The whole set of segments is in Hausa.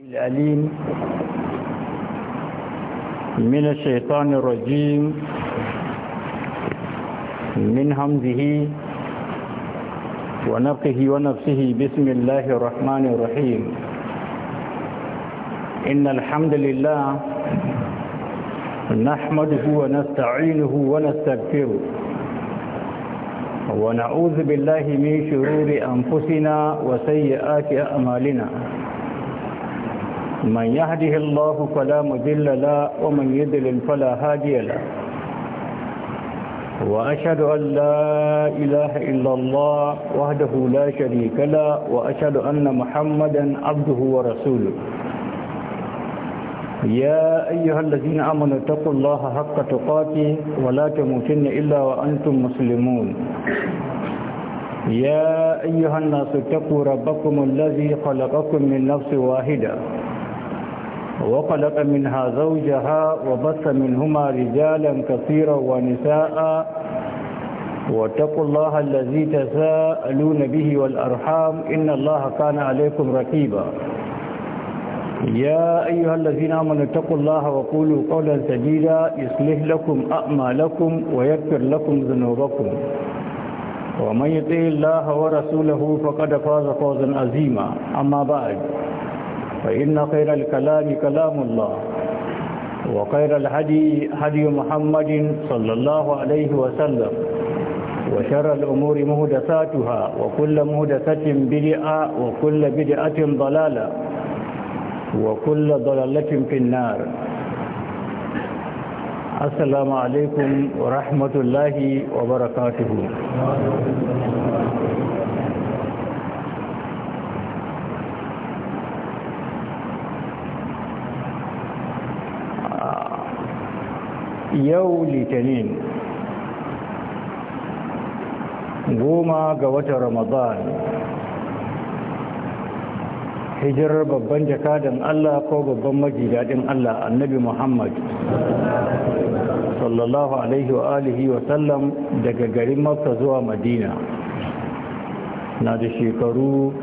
الأليم من الشيطان الرجيم من همزه ونقه ونفسه بسم الله الرحمن الرحيم إن الحمد لله نحمده ونستعينه ونستغفره ونعوذ بالله من شرور أنفسنا وسيئات أعمالنا من يهده الله فلا مذل لا ومن يذلل فلا هادي لا وأشهد أن لا إله إلا الله وحده لا شريك لا وأشهد أن محمدا عبده ورسوله يا أيها الذين آمنوا اتقوا الله حق تقاته ولا تموتن إلا وأنتم مسلمون يا أيها الناس اتقوا ربكم الذي خلقكم من نفس واحدة وخلق منها زوجها وبث منهما رجالا كثيرا ونساء واتقوا الله الذي تساءلون به والأرحام إن الله كان عليكم رقيبا يا أيها الذين آمنوا اتقوا الله وقولوا قولا سديدا يصلح لكم أعمالكم ويكفر لكم ذنوبكم ومن يطيع الله ورسوله فقد فاز فوزا عظيما أما بعد فإن خير الكلام كلام الله وخير الهدي هدي محمد صلى الله عليه وسلم وشر الأمور مهدساتها وكل مهدسة بدعة وكل بدعة ضلالة وكل ضلالة في النار السلام عليكم ورحمة الله وبركاته yau litinin goma ga watan ramadan hijirar babban jakadan Allah ko babban majidadin Allah annabi Muhammad sallallahu alaihi wa alihi wa sallam daga garin Makka zuwa Madina na da shekaru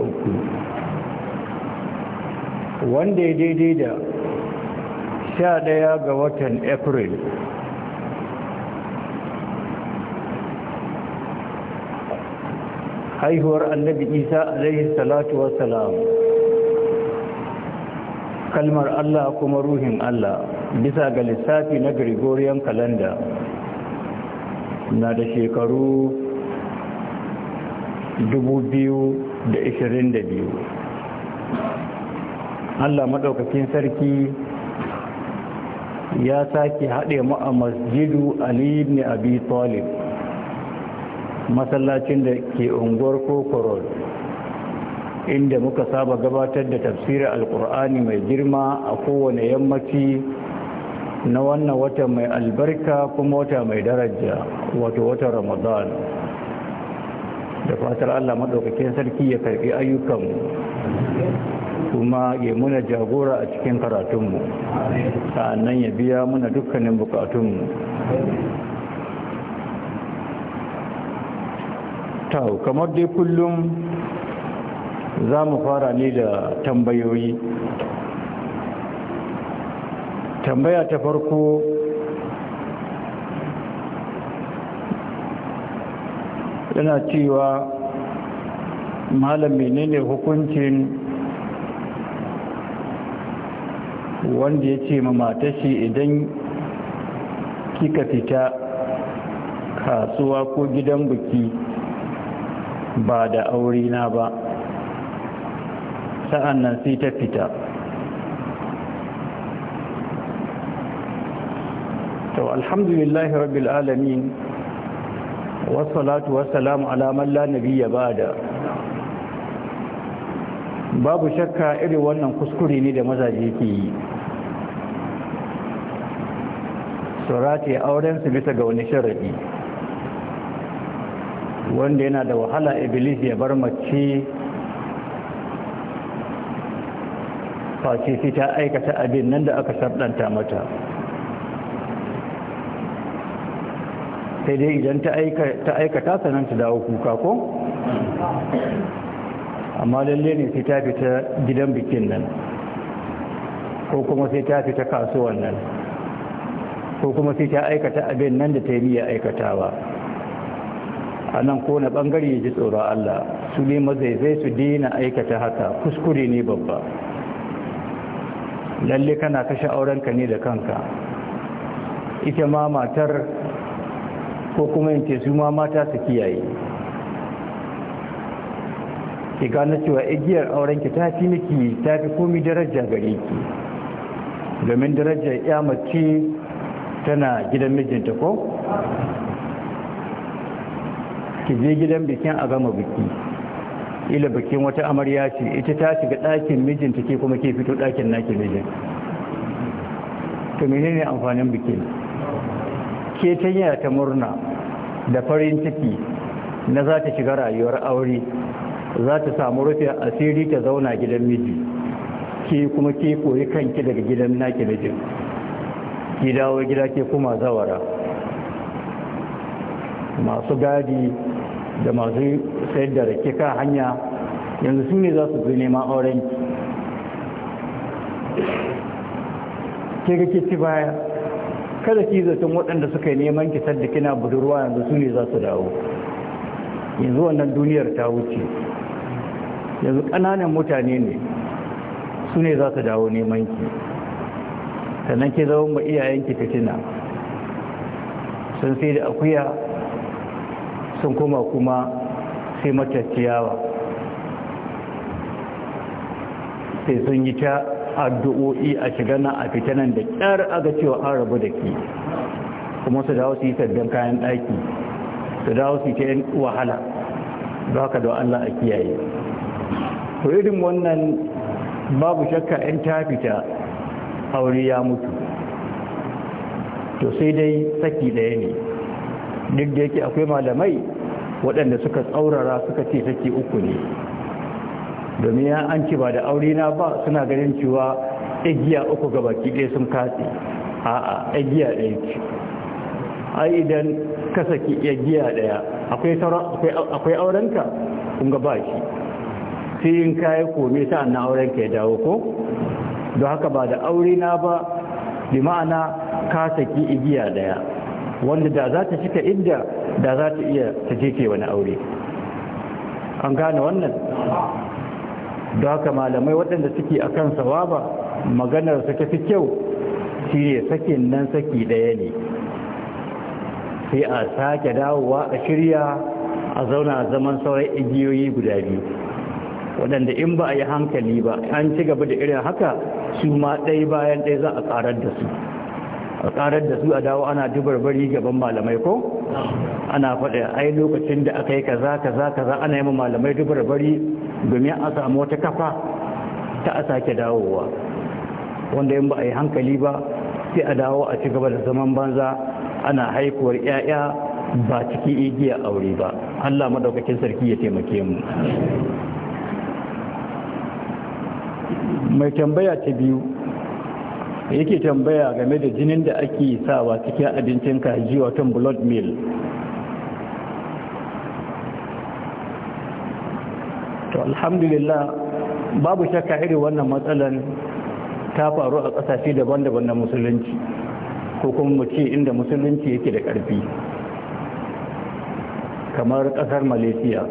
uku. wanda ya daidai da sha ɗaya ga watan april haihuwar annabi isa alaihi salatu wasalam kalmar allah kuma ruhin allah bisa ga lissafi na gregorian Kalanda, na da shekaru biyu. allah maɗaukakin sarki ya sake haɗe mu a masjidu ali ibn abi talib masallacin da ke unguwar kokorol inda muka saba gabatar da tafsirin alkur'ani mai girma a kowane yammaci na wannan wata mai albarka kuma wata mai daraja wato wata ramadan da fatar allah maɗaukakin sarki ya karɓi ayyukanmu kuma ya muna jagora a cikin karatunmu sannan ya biya muna dukkanin bukatunmu tau kamar dai kullum za mu fara ne da tambayoyi tambaya ta farko yana cewa malam menene hukuncin wanda ya ce mamata shi idan kika fita kasuwa ko gidan biki ba da aure na ba sa'an nan sai ta fita to alhamdulillahi rabbil alamin wasalatu ala man la nabiyya bada babu shakka irin wannan kuskure ne da mazaje ke yi su auren aurensu bisa ga wani sharaɗi wanda yana da wahala iblis ya bar mace face su ta aikata abin nan da aka sardanta mata sai dai idan ta aikata sanan ta dawo kuka ko amma lalle ne sai ta fita gidan bikin nan ko kuma sai ta fita kasuwan nan ko kuma sai ta aikata abin nan da ta yi aikatawa a nan na ɓangare ya ji tsoron Allah su ne mazaizai su dina aikata haka kuskure ne babba lalle kana kashe aurenka ne da kanka ita ma matar ko kuma yanke su ma mata su kiyaye ki gane cewa igiyar aurenki ta fi miki ta fi komi darajar gare ki domin darajar ya mace tana gidan mijinta ko ki je gidan bikin a gama biki ila bikin wata amarya ce ita ta shiga ɗakin mijinta ke kuma ke fito ɗakin naki mijin to menene amfanin bikin ke tanya ta murna da farin ciki na za ta shiga rayuwar aure za ta samu rufe asiri ta zauna gidan miji ke kuma ke koyi kanki daga gidan naki mijin ki dawo gida ke kuma zawara masu gadi da masu sayar da rake kan hanya yanzu su ne za su fi neman auren ke ga kici baya kada ki zaton waɗanda suka yi neman ki da kina budurwa yanzu su ne za su dawo yanzu wannan duniyar ta wuce yanzu ƙananan mutane ne su ne za su dawo neman ki sannan ke zama ma iyayenki fitina sun sai da akuya sun kuma kuma sai mataciyawa sai sun yi ta addu'o'i a shiga na a fitanan da ƙyar aga cewa an rabu da ke kuma su dawo su yi saddon kayan ɗaki su dawo su yi ta yin wahala za ka da Allah a kiyaye. irin wannan babu shakka 'yan ta fita aure ya mutu to sai dai saki ɗaya ne duk da yake akwai malamai waɗanda suka tsaurara suka ce saki uku ne domin ya an ci ba da aure na ba suna ganin cewa igiya uku ga baki ɗaya sun katse a'a igiya ɗaya ce ai idan ka saki igiya ɗaya akwai aurenka kun ga ba shi sai in kayi kome sa'an aurenka ya dawo ko don haka ba da aure na ba bi ma'ana ka saki igiya daya wanda da za ta cika inda da za ta iya ta jefe wani aure an gane wannan don haka malamai waɗanda suke a kan sawaba maganar su fi kyau shi ne sakin nan saki ɗaya ne sai a sake dawowa a shirya a zauna zaman sauran igiyoyi guda biyu waɗanda in ba a yi hankali ba an ci gaba da irin haka su ma ɗai bayan ɗaya za a tsarar da su a tsarar da su a dawo ana bari gaban malamai ko ana faɗa ai lokacin da aka yi kaza kaza kaza ana yi malamai dubarbari domin a samu wata kafa ta a sake dawowa wanda yin ba a yi hankali ba sai a dawo a ci gaba da zaman banza ana haikuwar 'ya'ya ba cikin igiya aure ba Allah madaukakin sarki ya taimake mu mai tambaya ta biyu yake tambaya game da jinin da ake sawa cikin abincin kaji watan blood meal to alhamdulillah babu shakka irin wannan matsalan ta faru a ƙasashe daban-daban na musulunci ko kuma mu ce inda musulunci yake da ƙarfi kamar ƙasar malaysia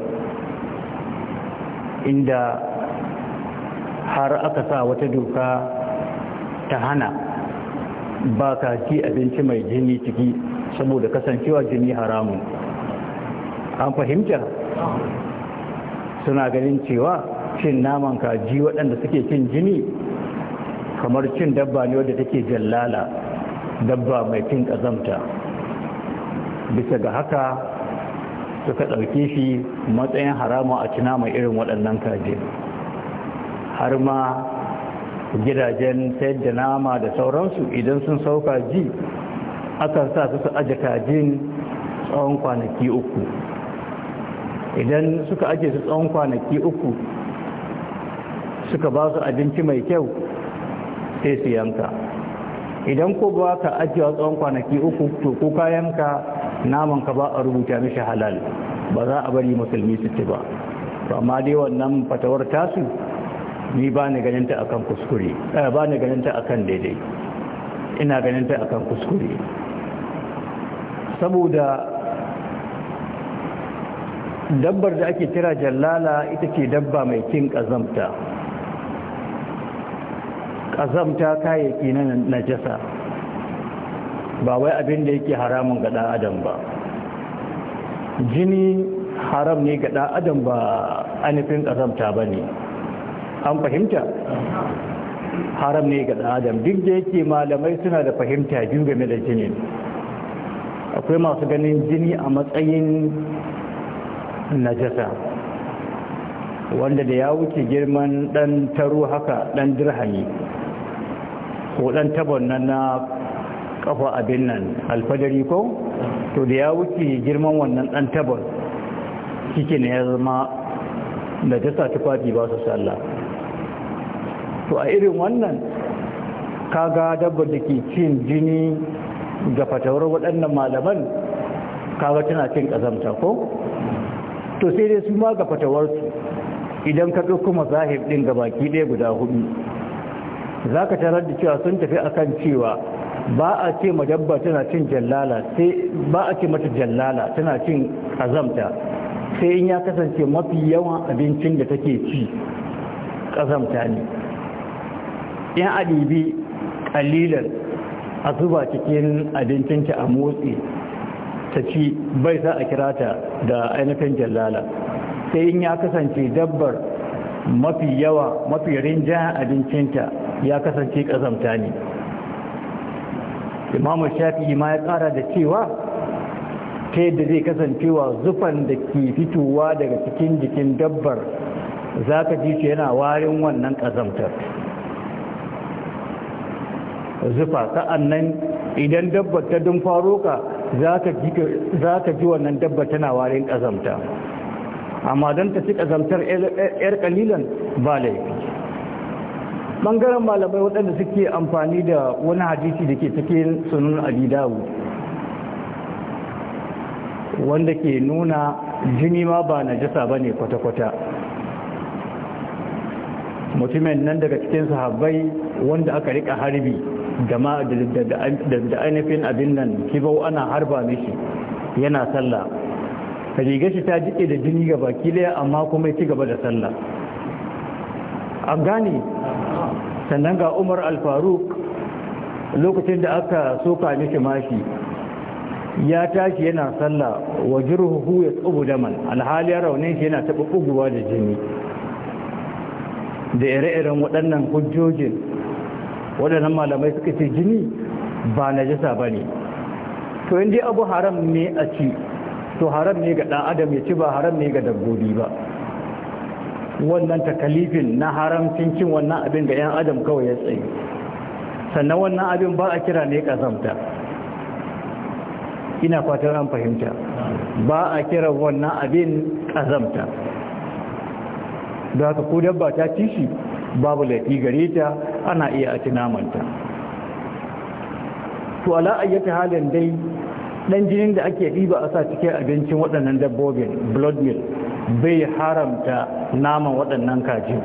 inda har aka sa wata doka ta hana ba ka ci abinci mai jini ciki saboda kasancewa jini haramun an fahimta suna ganin cewa cin naman kaji waɗanda suke cin jini kamar cin dabba ne wadda take jallala dabba mai cin ƙazamta bisa ga haka suka ɗauke shi matsayin haramun a cina mai irin waɗannan kaji har ma gidajen sayar da nama da sauransu idan sun sauka ji akan sa su aje kajin tsawon kwanaki uku idan suka aje su tsawon kwanaki uku suka ba su abinci mai kyau sai su yanka idan ko ba ka ajiyar tsawon kwanaki uku to ko ka yanka naman ka ba a rubuta mishi halal ba za a bari musulmi su ci ba amma dai wannan fatawar tasu ni ba ni ganin ta akan kuskure eh, ba ni ganin ta akan daidai ina ganin ta akan kuskure saboda dabbar da ake kira jallala ita ce dabba mai kin kazamta kazamta kayayyaki na najasa ba wai abin da yake haramun ga dan adam ba jini haram ne ga dan adam ba anifin kazamta ba an fahimta haram ne ga adam duk da yake malamai suna da fahimta biyu game da jini akwai masu ganin jini a matsayin najasa wanda da ya wuce girman dan taro haka dan dirhami ko dan tabon nan na kafa abin nan alfadari ko to da ya wuce girman wannan dan tabon shi ne ya zama najasa tufafi ba su sallah to a irin wannan kaga dabbar da ke cin jini ga fatawar waɗannan malaman kaga tana cin ƙazamta ko to sai dai su ma ga fatawarsu idan ka ɗauko mazahib ɗin ga baki ɗaya guda hudu za ka tarar da cewa sun tafi akan cewa ba a ce ma dabba tana cin jallala sai ba a ce mata jallala tana cin ƙazamta sai in ya kasance mafi yawan abincin da take ci ƙazamta ne in a ɗibi ƙalilar a zuba cikin abincinta a motsi ta ci bai sa a kira ta da ainihin jallala sai in ya kasance dabbar mafi yawa mafi rinjayen abincinta ya kasance ƙazamta ne imamu shafi'i ma ya ƙara da cewa ta yadda zai kasancewa zufan da ke fitowa daga cikin jikin dabbar za ka ji shi yana warin wannan ƙazamtar zufa sa'annan idan dabba ta dun faro ka za ka ji wannan dabba tana warin ƙazamta amma don ta ci ƙazamtar 'yar ƙalilan ba laifi ɓangaren malamai waɗanda suke amfani da wani hadisi da ke take sunan abidawu wanda ke nuna jini ma ba na jasa ba ne kwata-kwata mutumin nan daga cikin sahabbai wanda aka rika harbi da ainihin abin nan kibau ana harba mishi yana sallah riga shi ta jike da jini ga baki daya amma kuma ya ci gaba da sallah an gane sannan ga umar alfaruk lokacin da aka soka mishi mashi ya tashi yana sallah wa jirhuhu ya tsubu daman raunin shi yana taɓa ƙuguwa da jini da ire-iren waɗannan hujjojin waɗannan malamai suka ce jini ba na jisa ba ne to yin abu haram ne a ci to haram ne ga ɗan adam ya ci ba haram ne ga dabbobi ba wannan takalifin na haramcin cin wannan abin ga 'yan adam kawai ya tsaye sannan wannan abin ba a kira ne ƙazamta ina fatan an fahimta ba a kira wannan abin ƙazamta da haka ko dabba ta ci shi babu laifi gare ta ana iya a tunamanta to ala ayyata halin dai dan jinin da ake ɗiba a sa cikin abincin waɗannan dabbobin blood meal bai haramta naman waɗannan kaji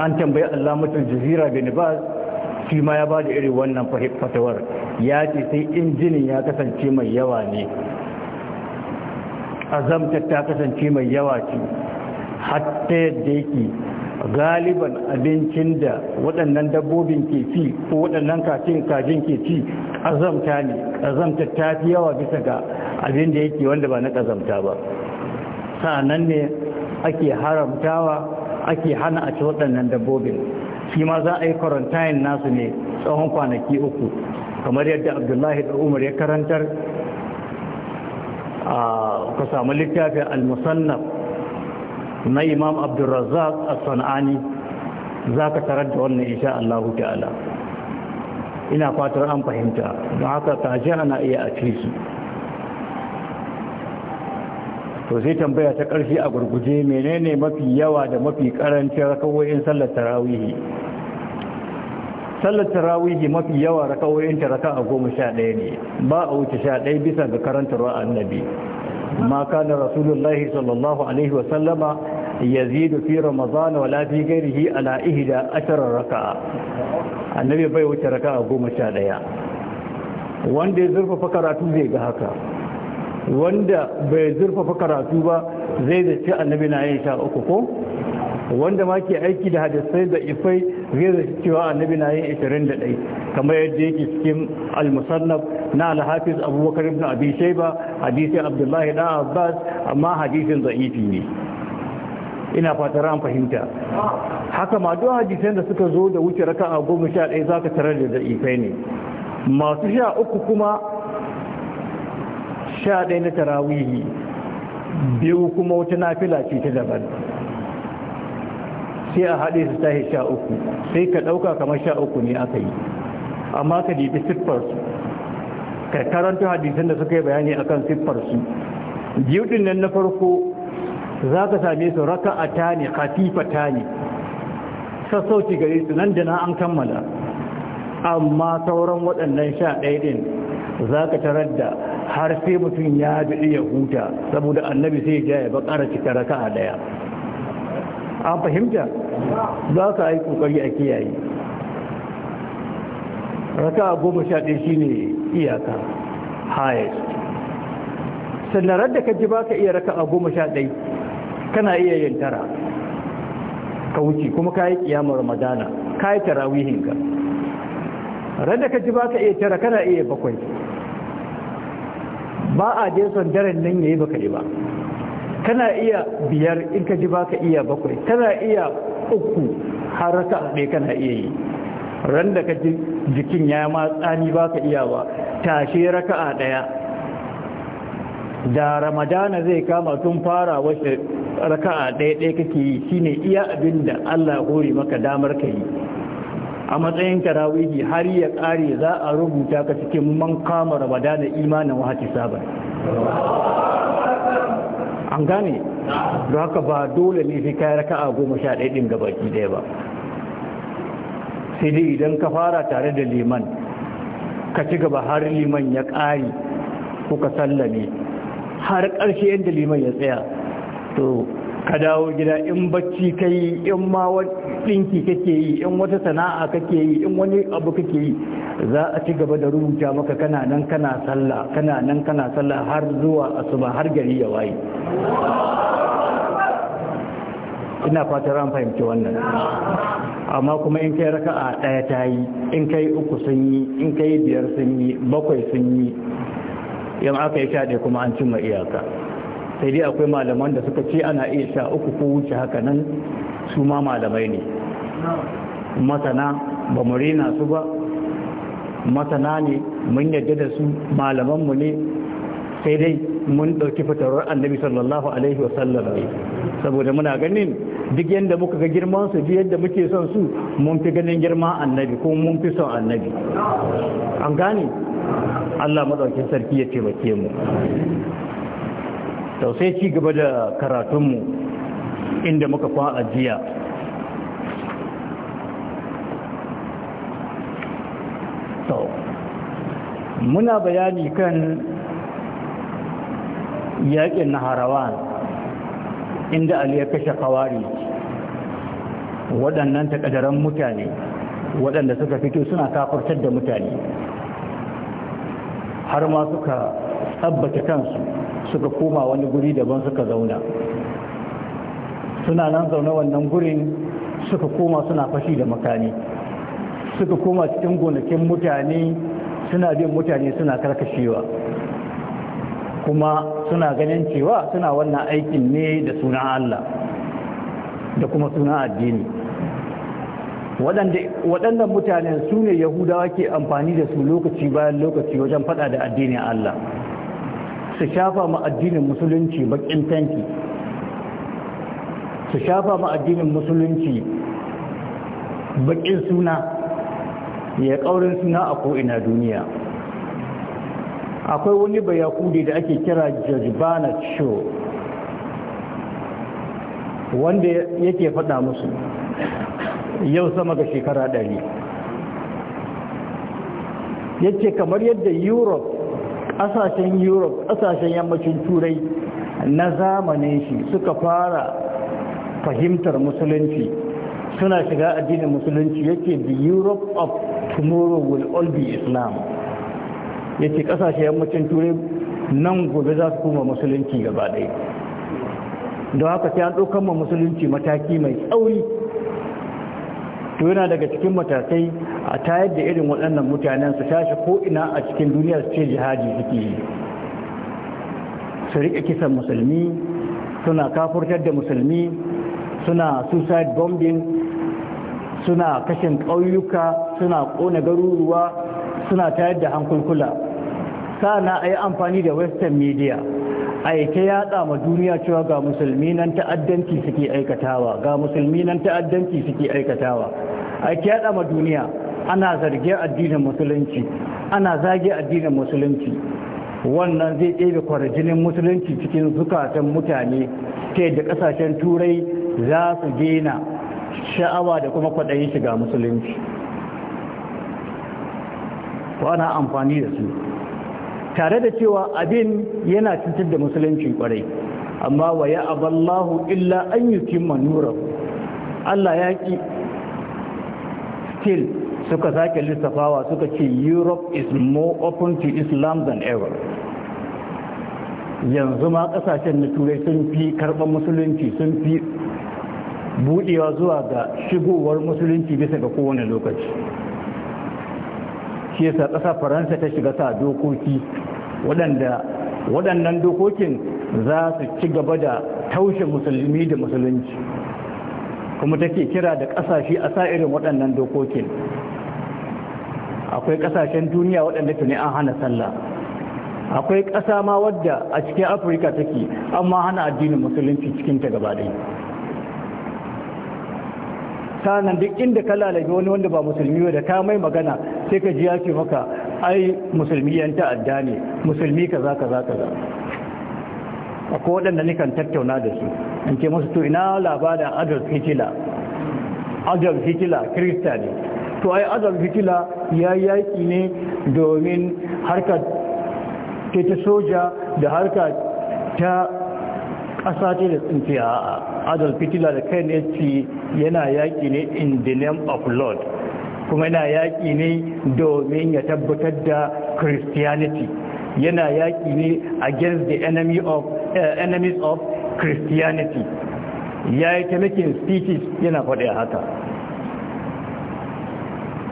an tambayi mutum jazira bin baz shi ma ya ba da irin wannan fatawar ya ce sai injinin ya kasance mai yawa ne azamtar ta kasance mai yawa ce hatta yadda yake galiban abincin da waɗannan dabbobin ke ci ko waɗannan kacin kajin ke ci ƙazamta ne ƙazamta ta fi yawa bisa ga abin da yake wanda ba na ƙazamta ba sa'annan ne ake haramtawa ake hana a ci waɗannan dabbobin shi ma za a yi kwarantayin nasu ne tsawon kwanaki uku kamar yadda abdullahi da umar ya karantar ka samu littafin al-musannaf na imam abdulrazak a sana'ani za ka tarar da wannan isha, allahu ta'ala ina fatar an fahimta don haka tashi ana iya a ciki to sai tambaya ta ƙarshe a gurguje menene mafi yawa da mafi ƙarancin rakawoyin sallar tarawihi sallar tarawihi mafi yawa rakawoyin ta raka a goma sha ɗaya ne ba a wuce sha ɗaya bisa ga karantarwa annabi Maka na rasulullahi sallallahu alaihi wasallama yazidu fi ramadan wala fi ghairihi ala ihda ashara raka'a annabi bai wuce raka'a goma sha daya wanda ya zurfafa karatu zai ga haka wanda bai zurfafa karatu ba zai da annabi na yin sha uku ko wanda ma ke aiki da hadisai da ifai zai cewa annabi na yin 21 kamar yadda yake cikin al-musannaf na al-hafiz abubakar ibn abi shayba hadisin abdullahi dan abbas amma hadisin za'ifi ne ina fatar an fahimta haka ma duk hadisan da suka zo da wuce raka raka'a 11 zaka tarar da da'ifai ne masu sha uku kuma sha ɗaya na tarawihi biyu kuma wata nafila ce ta daban sai a haɗe su tashi sha uku sai ka ɗauka kamar sha uku ne aka yi amma ka dibi siffarsu ka karanta hadisan da suka yi bayani akan siffarsu biyu ɗin nan na farko za ka same su raka a ta ne katifa ta ne sassauci gare su nan da na an kammala amma sauran waɗannan sha ɗaya ɗin za ka tarar da har sai mutum ya daɗi ya huta saboda annabi sai ya ja ya baƙara cika raka a ɗaya an fahimta za ka yi kokari a kiyaye raka goma sha ɗaya shi ne iyaka highest sannan da ka ji ba ka iya raka a goma sha ɗai kana iya yin tara ka wuce kuma ka yi ƙiyama ramadana ka yi tarawihinka da ka ji ba ka iya tara kana iya bakwai ba a je son daren nan ya yi baka ba kana iya biyar in ka ji baka iya bakwai kana iya uku har raka ɗaya kana iya yi ran da ka ji jikin ya yi tsani baka iya ba tashe raka'a ɗaya da ramadana zai kama tun fara wasu raka'a ɗaya ɗaya kake yi shine iya abin da Allah hori maka damar ka yi a matsayin karawihi har ya kare za a rubuta ka cikin man kama ramadana imanin wahati sabar an gane da haka ba dole ne fi kayar raka a goma sha ɗaya ɗin gabaki ɗaya ba sai dai idan ka fara tare da liman ka ci gaba har liman ya ƙari ko ka sallame har ƙarshe yadda liman ya tsaya to ka dawo gida in bacci ka yi in ma ɗinki kake yi in wata sana'a kake yi in wani abu kake yi za a ci gaba da rubuta maka kana nan kana sallah kana nan kana sallah har zuwa asuba har gari ya waye ina fatar an fahimci wannan amma kuma in kai raka'a daya ta yi in kai uku sun yi in kai biyar sun yi bakwai sun yi 'yan aka yi shaɗe kuma an cimma iyaka sai dai akwai malaman da suka ce ana iya sha uku ko wuce haka nan su ma malamai ne masana ba mu rina su ba masana ne mun yadda da su malamanmu ne sai dai mun ɗauki fitarar annabi sallallahu alaihi wasallam ne saboda muna ganin duk yadda muka ga girman su duk yadda muke son su mun fi ganin girma annabi ko mun fi son annabi an gane Allah madaukin sarki ya taimake mu to sai ci gaba da karatunmu inda muka kwa ajiya to muna bayani kan yaƙin na harawan inda ali ya kashe kawari waɗannan takadaran mutane waɗanda suka fito suna kafurtar da mutane har ma suka tsabbata kansu suka koma wani guri daban suka zauna suna nan zaune wannan gurin suka koma suna fashi da makani suka koma cikin gonakin mutane suna bin mutane suna karkashewa kuma suna ganin cewa suna wannan aikin ne da sunan Allah da kuma sunan addini waɗannan mutane su ne yahudawa ke amfani da su lokaci bayan lokaci wajen fada da addinin Allah su shafa ma addinin musulunci bakin tanki su shafa ma addinin musulunci bakin suna ya ƙaurin suna a ko'ina duniya akwai wani bayakudi da ake kira jajbana show wanda yake faɗa musu yau sama ga shekara ɗari yake kamar yadda europe ƙasashen europe ƙasashen yammacin turai na zamanin shi suka fara fahimtar musulunci suna shiga addinin musulunci yake the europe of tomorrow will all be islam ya ce kasashe yammacin turai nan gobe za su kuma musulunci gaba ɗaya don haka sai an ɗaukan ma musulunci mataki mai tsauri to yana daga cikin matakai a tayar da irin waɗannan mutanen su tashi ko ina a cikin duniya su ce jihadi suke yi su riƙe kisan musulmi suna kafurtar da musulmi suna suicide bombing suna kashin ƙauyuka suna ƙona garuruwa suna tayar da hankulkula sana a yi amfani da western media a yi ta yada ma duniya cewa ga musulmi nan ta'addanci suke aikatawa ga musulmi nan ta'addanci suke aikatawa a ta yada ma duniya ana zarge addinin musulunci ana zage addinin musulunci wannan zai ɗebe kwarjinin musulunci cikin zukatan mutane ta yadda ƙasashen turai za su gena sha'awa da kuma kwaɗayin shiga musulunci ko ana amfani da su tare da cewa abin yana cutar da musulunci kwarai amma wa ya aballahu illa an yi kimman Allah ya ki still suka sake lissafawa suka ce europe is more open to islam than ever yanzu ma kasashen na turai sun fi karɓar musulunci sun fi budewa zuwa ga shigowar musulunci bisa ga kowane lokaci shi yasa ƙasa faransa ta shiga sa dokoki waɗanda waɗannan dokokin za su ci gaba da taushe musulmi da musulunci kuma take kira da ƙasashe a sa irin waɗannan dokokin akwai ƙasashen duniya waɗanda tuni an hana sallah akwai ƙasa ma wadda a cikin afirka take amma hana addinin musulunci cikinta gaba ɗaya sanan duk inda ka lalace wani wanda ba musulmi ba da ka mai magana sai ka ji ya ce maka ai musulmi yan ta'adda ne musulmi kaza kaza kaza akwai waɗanda nikan tattauna da su in ce masu to ina labarin Adolf Hitler Adolf Hitler krista ne to ai Adolf Hitler ya yaƙi ne domin harkar ta soja da harkar ta ƙasa ce da tsintiya a'a Adal fitila da kai ne ci yana yaƙi ne in the name of lord kuma yana yaƙi ne domin ya tabbatar da christianity yana yaƙi ne against the enemy of, uh, enemies of christianity ya yi ta speeches yana faɗi haka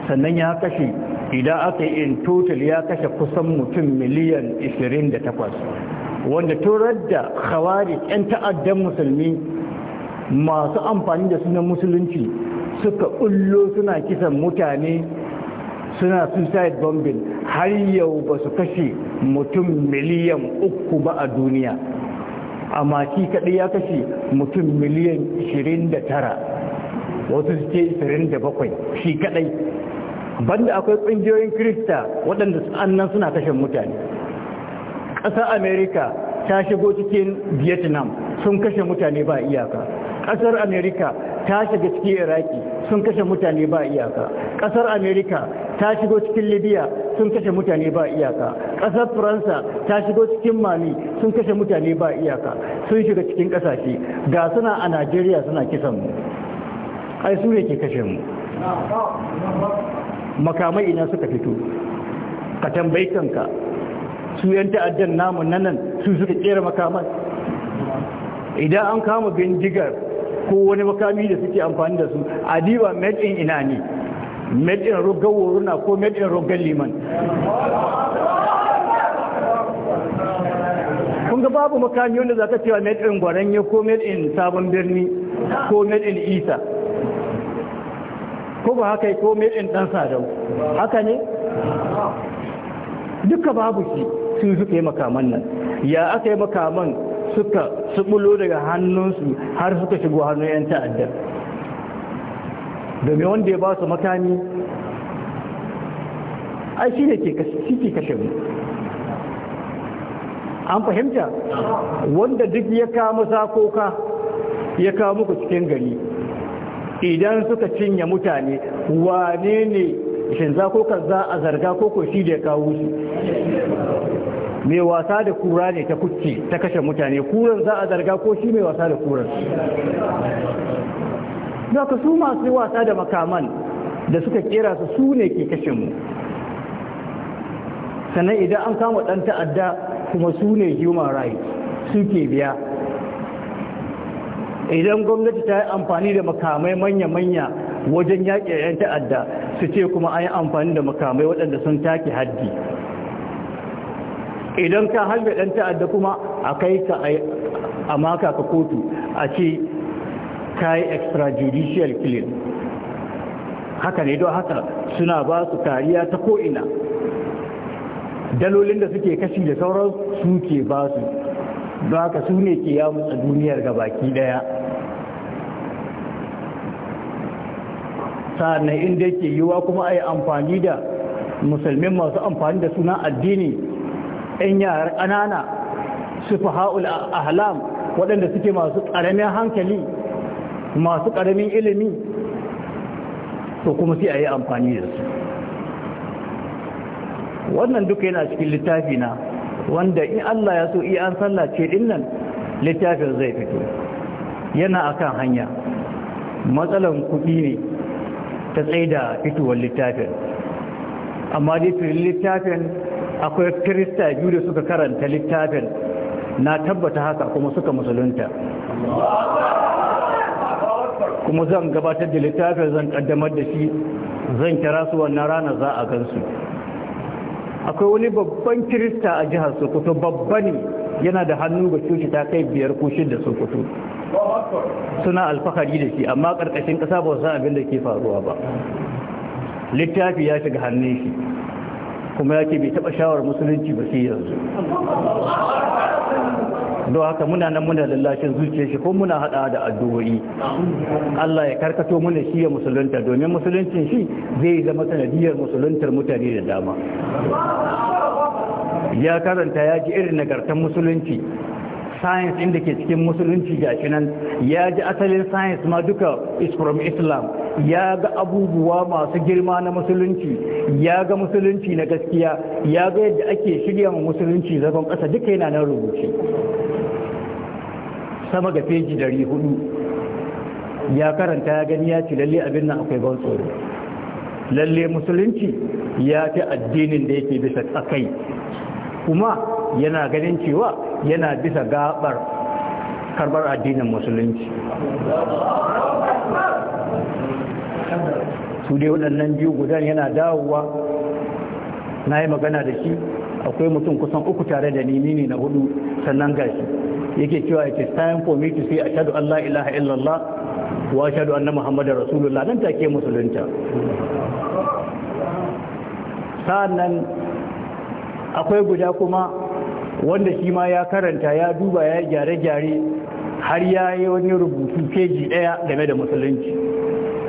sannan ya kashe idan aka yi in total ya kashe kusan mutum miliyan 28 wanda turar da khawarij 'yan ta'addan musulmi masu amfani da sunan musulunci suka bullo suna kisan mutane suna suicide bombing har yau ba su kashe mutum miliyan uku ba a duniya amma shi kaɗai ya kashe mutum miliyan 29 wasu suke 27 shi kaɗai banda akwai ƙungiyoyin krista waɗanda annan suna kashe mutane ƙasar Amerika ta shigo cikin vietnam sun kashe mutane ba iyaka ƙasar amerika ta shiga cikin iraki sun kashe mutane ba iyaka ƙasar amerika ta shigo cikin libya sun kashe mutane ba iyaka ƙasar faransa ta shigo cikin mali sun kashe mutane ba iyaka sun shiga cikin ƙasashe ga suna a najeriya suna kisan mu ai su ne ke kashe mu makamai ina suka fito ka tambayi kanka su yan ta'addan namu nan su suka kera makamai idan an kama bindigar ko wani makami da suke amfani da su adiba made in ina ne made in rugar wuruna ko made in rugar liman kun ga babu makami wanda za ka cewa made in gwaranye ko made in sabon birni ko made in isa ko ba haka ko made in dan sadau haka ne duka babu shi sun suka yi makaman nan ya aka yi makaman suka subulo daga hannunsu har suka shigo hannun 'yan ta'addar domin wanda ya ba su makami ai shi ne ke kashe mu an fahimta wanda duk ya kama sakoka ya kama muku cikin gari idan suka cinye mutane wane ne shin za a zarga koko shi da ya kawo shi mai wasa da kura ne ta kuce ta kashe mutane kuran za a zarga ko shi mai wasa da kurar ka su masu wasa da makaman da suka kera su su ne ke kashe mu sannan idan an kama ɗan ta'adda kuma su ne human rights suke biya idan gwamnati ta yi amfani da makamai manya-manya wajen yaƙi 'yan ta'adda su ce kuma an yi amfani da makamai waɗanda sun take haddi idan ka halbe ɗan ta'adda kuma a kai ka a maka ka kotu a ce ka yi extrajudicial killing haka ne don haka suna ba su kariya ta ko'ina dalolin da suke kashi da sauran su ke ba su don haka su ne ke yamutsa duniyar baki daya sa'annan inda ke yiwa kuma a yi amfani da musulmin masu amfani da suna addini 'yan yara ƙanana su faha'ul ahlam waɗanda suke masu ƙaramin hankali masu ƙaramin ilimi to kuma sai a yi amfani da su wannan duka yana cikin littafi na wanda in Allah ya so iya an sallace din nan littafin zai fito yana akan hanya matsalan kuɗi ne ta tsaida fitowar littafin amma dai littafin akwai kirista biyu da suka karanta littafin na tabbata haka kuma suka musulunta kuma zan gabatar da littafin zan kaddamar da shi zan kira su wannan rana za a gansu akwai wani babban kirista a jihar sokoto babba ne yana da hannu ga coci ta kai biyar ko da sokoto suna alfahari da shi amma ƙarƙashin ƙasa ba su san abin da ke faruwa ba littafi ya shiga hannun shi kuma yake bai taɓa shawar musulunci ba sai yanzu don haka muna nan muna lallashin zuciya shi ko muna hada da addu'o'i Allah ya karkato mana shi ya musulunta domin musuluncin shi zai zama sanadiyar musuluntar mutane da dama ya karanta ya ji irin nagartan musulunci science inda ke cikin musulunci ga shi nan ya ji asalin science ma duka is from islam ya ga abubuwa masu girma na musulunci ya ga musulunci na gaskiya ya ga yadda ake shirya ma musulunci zagon ƙasa duka yana nan rubuce sama ga feji dari hudu ya karanta ya gani ya ce lalle abin nan akwai ban tsoro lalle musulunci ya fi addinin da yake bisa tsakai kuma yana ganin cewa yana bisa gabar karbar addinin musulunci su dai waɗannan biyu gudan yana dawowa na yi magana da shi akwai mutum kusan uku tare da ni ne na hudu sannan gashi yake cewa it is time for me to say ashhadu an la ilaha illallah wa ashhadu anna Muhammadu rasulullah nan take musulunta sannan akwai guda kuma wanda shi ma ya karanta ya duba ya gyare-gyare har ya yi wani rubutu keji ɗaya game da musulunci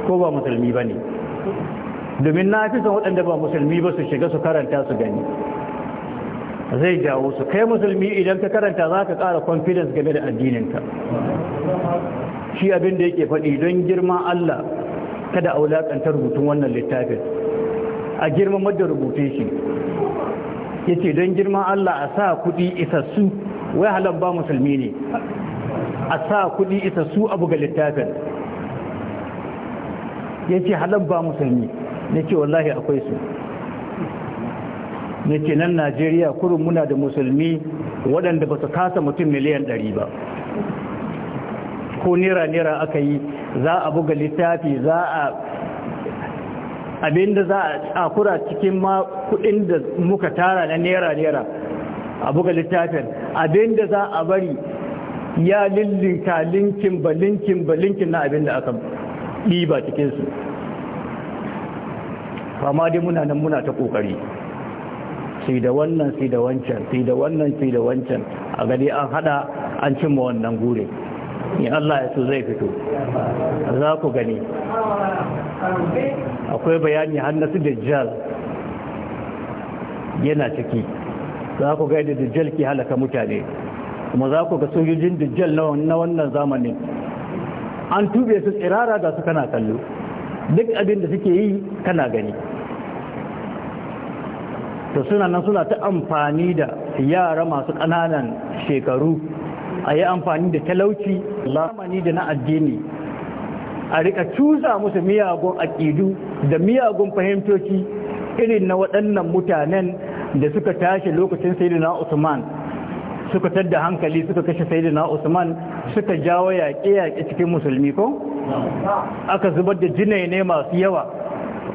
ko ba musulmi ba ne domin na fi son waɗanda ba musulmi ba su shiga su karanta su gani zai jawo su kai musulmi idan ka karanta za ka ƙara confidence game da addininka shi abin da yake faɗi don girma Allah kada a wulaƙanta rubutun wannan littafin a girmamar da rubutun shi ya ce don girman Allah a sa kudi isassu wai halar ba musulmi ne a sa kudi isassu abu ga littafin ya ce halar ba musulmi na ce wallahi akwai su na ce nan najeriya kurin muna da musulmi waɗanda ba su kasa mutum miliyan 100 ba ko nera-nera aka yi za a buga littafi za a abinda za a kura cikin ma kudin da muka tara na naira naira a buga littafin abinda za a bari ya lullinka linkin ba linkin ba linkin na abinda aka ɗiba cikinsu fama dai muna nan muna ta ƙoƙari sai da wannan sai da wancan sai da wannan sai da wancan a gani an hada an cimma wannan gure in Allah ya so zai fito za ku gani akwai bayani hannasu dajjal yana ciki za ku ga yadda dajjal ke halaka mutane kuma za ku ga sojojin dajjal na wannan zamanin an tube su tsirara da su kana kallo duk abin da suke yi kana gani to suna nan suna ta amfani da yara masu ƙananan shekaru a yi amfani da talauci zamani da na addini a rika cusa musu miyagun aƙidu da miyagun fahimtoci irin na waɗannan mutanen da suka tashi lokacin sayidina Usman suka tadda hankali suka kashe sayidina Usman suka jawo yaƙe-yaƙe cikin musulmi ko aka zubar da jinai ne masu yawa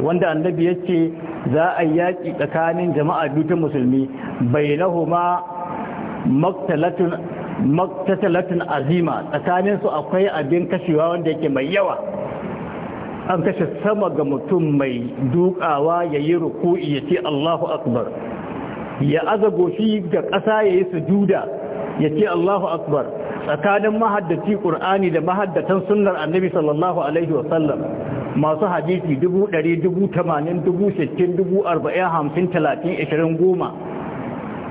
wanda annabi yace za a yaƙi tsakanin jama'a biyu ta musulmi bainahuma maktalatun maktatalatun azima tsakanin su akwai abin kashewa wanda yake mai yawa an kashe sama ga mutum mai dukawa ya yi ruku'i ya ce Allahu akbar ya aza goshi ga ƙasa ya yi sujuda ya ce Allahu akbar tsakanin mahaddaci ƙur'ani da mahaddatan sunnar annabi sallallahu alaihi wasallam masu hadisi dubu ɗari dubu tamanin dubu sittin dubu arba'in hamsin talatin goma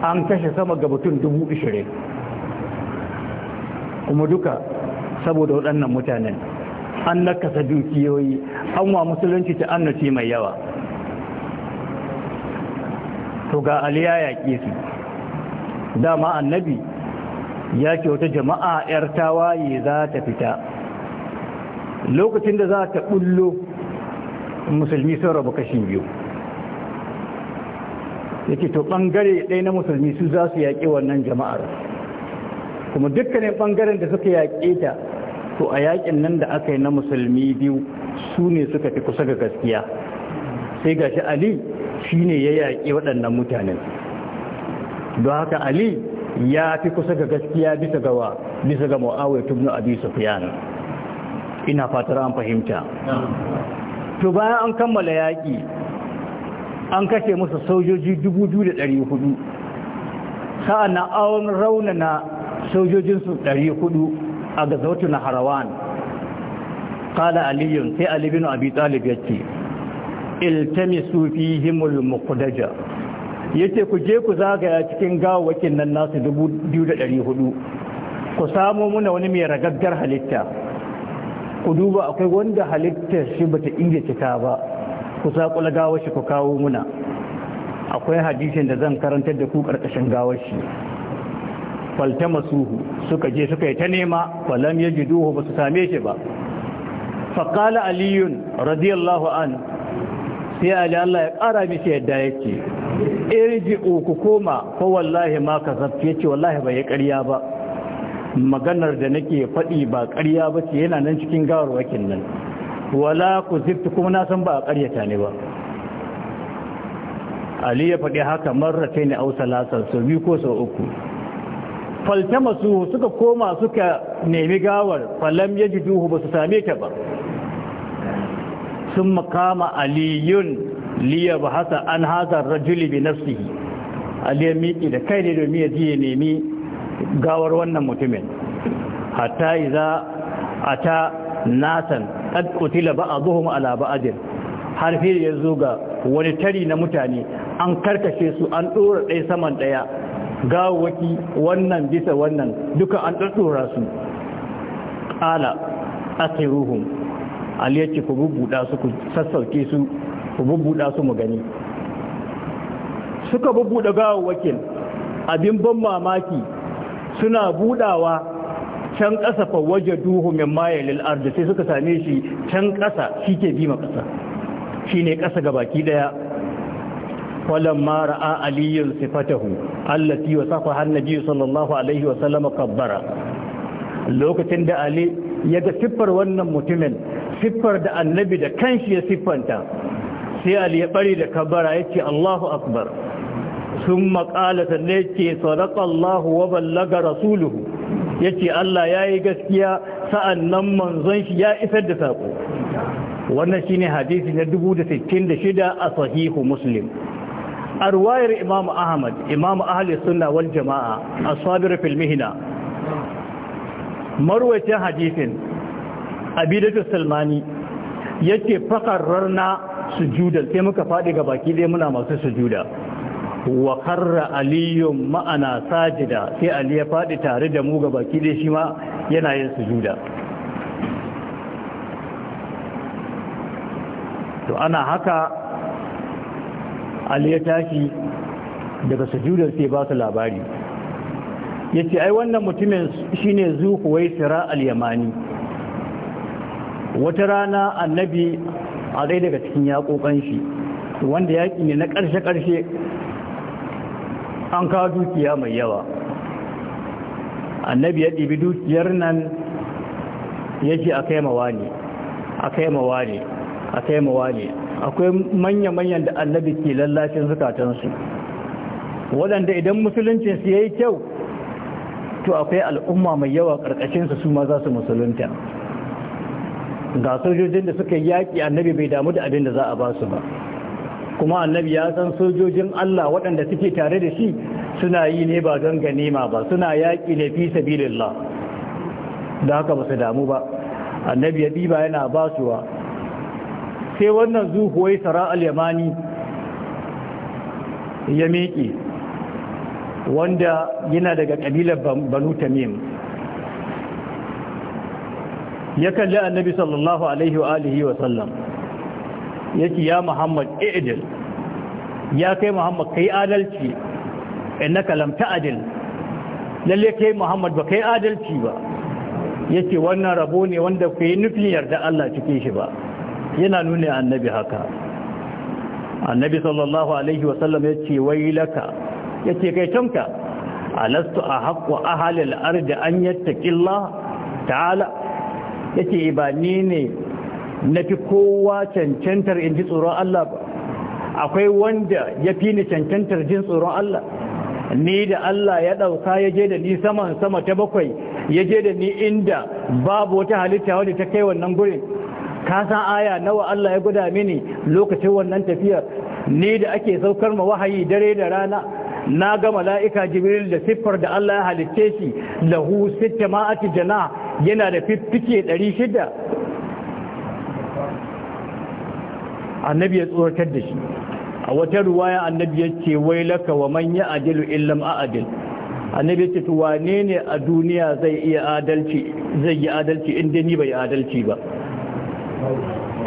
an kashe sama ga mutum dubu kuma duka saboda waɗannan mutanen an lakasa dukiyoyi an wa musulunci ta annaci mai yawa to ga ali ya su dama annabi ya ce wata jama'a 'yar tawaye za ta fita lokacin da za ta ɓullo musulmi sun rabu kashin biyu yake to ɓangare ɗaya na musulmi su za su yaƙi wannan jama'ar kuma dukkanin bangaren da suka yaƙe ta to a yaƙin nan da aka yi na musulmi biyu su ne suka fi kusa ga gaskiya sai gashi ali shi ne ya yaƙi waɗannan mutanen don haka ali ya fi kusa ga gaskiya bisa gawa bisa ga mu'awai tubnu abi sufyan ina fatar an fahimta to bayan an kammala yaƙi an kashe masa sojoji 2,400 sa'an na awon raunana sojojinsu 400 a gazautu na harawan kala aliyun sai alibin abi talib yake ce iltamisu fihimul muqdaja yace ku je ku zagaya cikin gawawakin nan nasu 2400 ku samo muna wani mai ragaggar halitta ku duba akwai wanda halittar shi bata iya cika ba ku sakula gawashi ku kawo muna akwai hadisin da zan karantar da ku karkashin gawashi faltamasuhu suka je suka yi ta nema falam yajiduhu basu same shi ba faqala aliyun radiyallahu an sai ali Allah ya kara mishi yadda yake irji ku koma Ko wallahi ma ya yace wallahi bai ƙarya ba maganar da nake faɗi ba ƙarya ba ce yana nan cikin gawar wakin nan wala ku zifti kuma na san ba a ƙaryata ne ba ali ya faɗi haka marrata ne au lasar sau biyu ko sau uku faltamasu suka koma suka nemi gawar falam duhu ba su same ta ba sun makama aliyun liya ba hasa an hasar rajuli bi nafsihi aliyar miƙi da kai ne domin ya ji ya nemi gawar wannan mutumin hatta za a ta nasan ƙad kutila ba a zuhun ala ba'adin har da ya zo ga wani tari na mutane an karkashe su an ɗora ɗaya saman ɗaya gawaki wannan bisa wannan duka an ɗaɗɗora su ƙala asiruhum ali aliyarci ku bubuɗa su ku sassauke su ku bubuɗa su mu gani suka bubbuɗa gawawakin abin ban mamaki suna buɗawa can ƙasa fa waje duhu min maye lil'arda sai suka same shi can ƙasa shi ke bi ma ƙasa shi ne ƙasa ga baki ɗaya فلما رأى علي صفته التي وصفها النبي صلى الله عليه وسلم kabbara!" lokacin da Ali ya ga siffar wannan mutumin siffar da annabi da kanshi ya siffanta sai Ali ya bari da kabara ya ce Allahu Akbar sun makalata ne ce sadakallahu wa ballaga rasuluhu ya ce Allah ya yi gaskiya sa'an nan manzon shi ya isar da saƙo wannan shine hadisi na 1066 a sahihu muslim a ruwayar imamu ahmad imamu ahli sunna wal jama'a asabir fil mihna marwacin hadisin abidatu salmani yace faqarrarna sujudan sai muka fadi ga baki dai muna masu sujuda wa karra aliyun ma'ana sajida sai ali ya faɗi tare da mu ga baki dai shi ma yana yin sujuda to ana haka Allah ya tashi daga sujudar sai ba su labari ya ce ai wannan mutumin shine wai sira al-yamani wata rana annabi a daga cikin yaƙoƙan shi wanda yaƙi ne na ƙarshe-ƙarshe an kawo dukiya mai yawa annabi ya ɗibi dukiyar nan ya ce a kai mawa ne a kai mawa ne a kai mawa ne akwai manya-manyan da annabi ke lallashin zukatansu waɗanda idan musulunci su yayi kyau to akwai al'umma mai yawa ƙarƙashin su su ma za su musulunta ga sojojin da suka yaki annabi bai damu da abin da za a ba su ba kuma annabi ya san sojojin Allah waɗanda suke tare da shi suna yi ne ba don ganima ba suna yaƙi ne fi sabilillah da haka ba su damu ba annabi ya yana basuwa sai wannan zuhuwai tsara al-yamani ya miƙe wanda yana daga ƙabilar banu tamim ya kalli annabi sallallahu alaihi wa alihi wa sallam ya ce ya muhammad idil ya kai muhammad kai adalci innaka lam adil. lalle kai muhammad ba kai adalci ba ce wannan rabo ne wanda kai nufin yarda Allah cikin shi ba yana nuna annabi haka annabi sallallahu alaihi wa ya ce wailaka yace kai canka alastu a haƙƙo al-ard an yattaƙilla ta'ala yace ba ni ne na fi kowa cancantar in tsoron Allah ba akwai wanda ya fi ni cancantar jin tsoron Allah ni da Allah ya ɗauka ya je da ni saman sama ta bakwai ya je da ni inda babu wata halitta wadda ta kai wannan gurin ka san aya nawa Allah ya guda mini lokacin wannan tafiyar ni da ake saukar ma wahayi dare da rana na ga mala'ika jibril da siffar da Allah ya halicce shi lahu sitta ma'ati jana yana da fiffike 600 annabi ya tsoratar da shi a wata ruwaya annabi ya ce wai laka wa man adilu illam a'adil annabi ya ce to wane ne a duniya zai iya adalci zai yi adalci inda ni bai adalci ba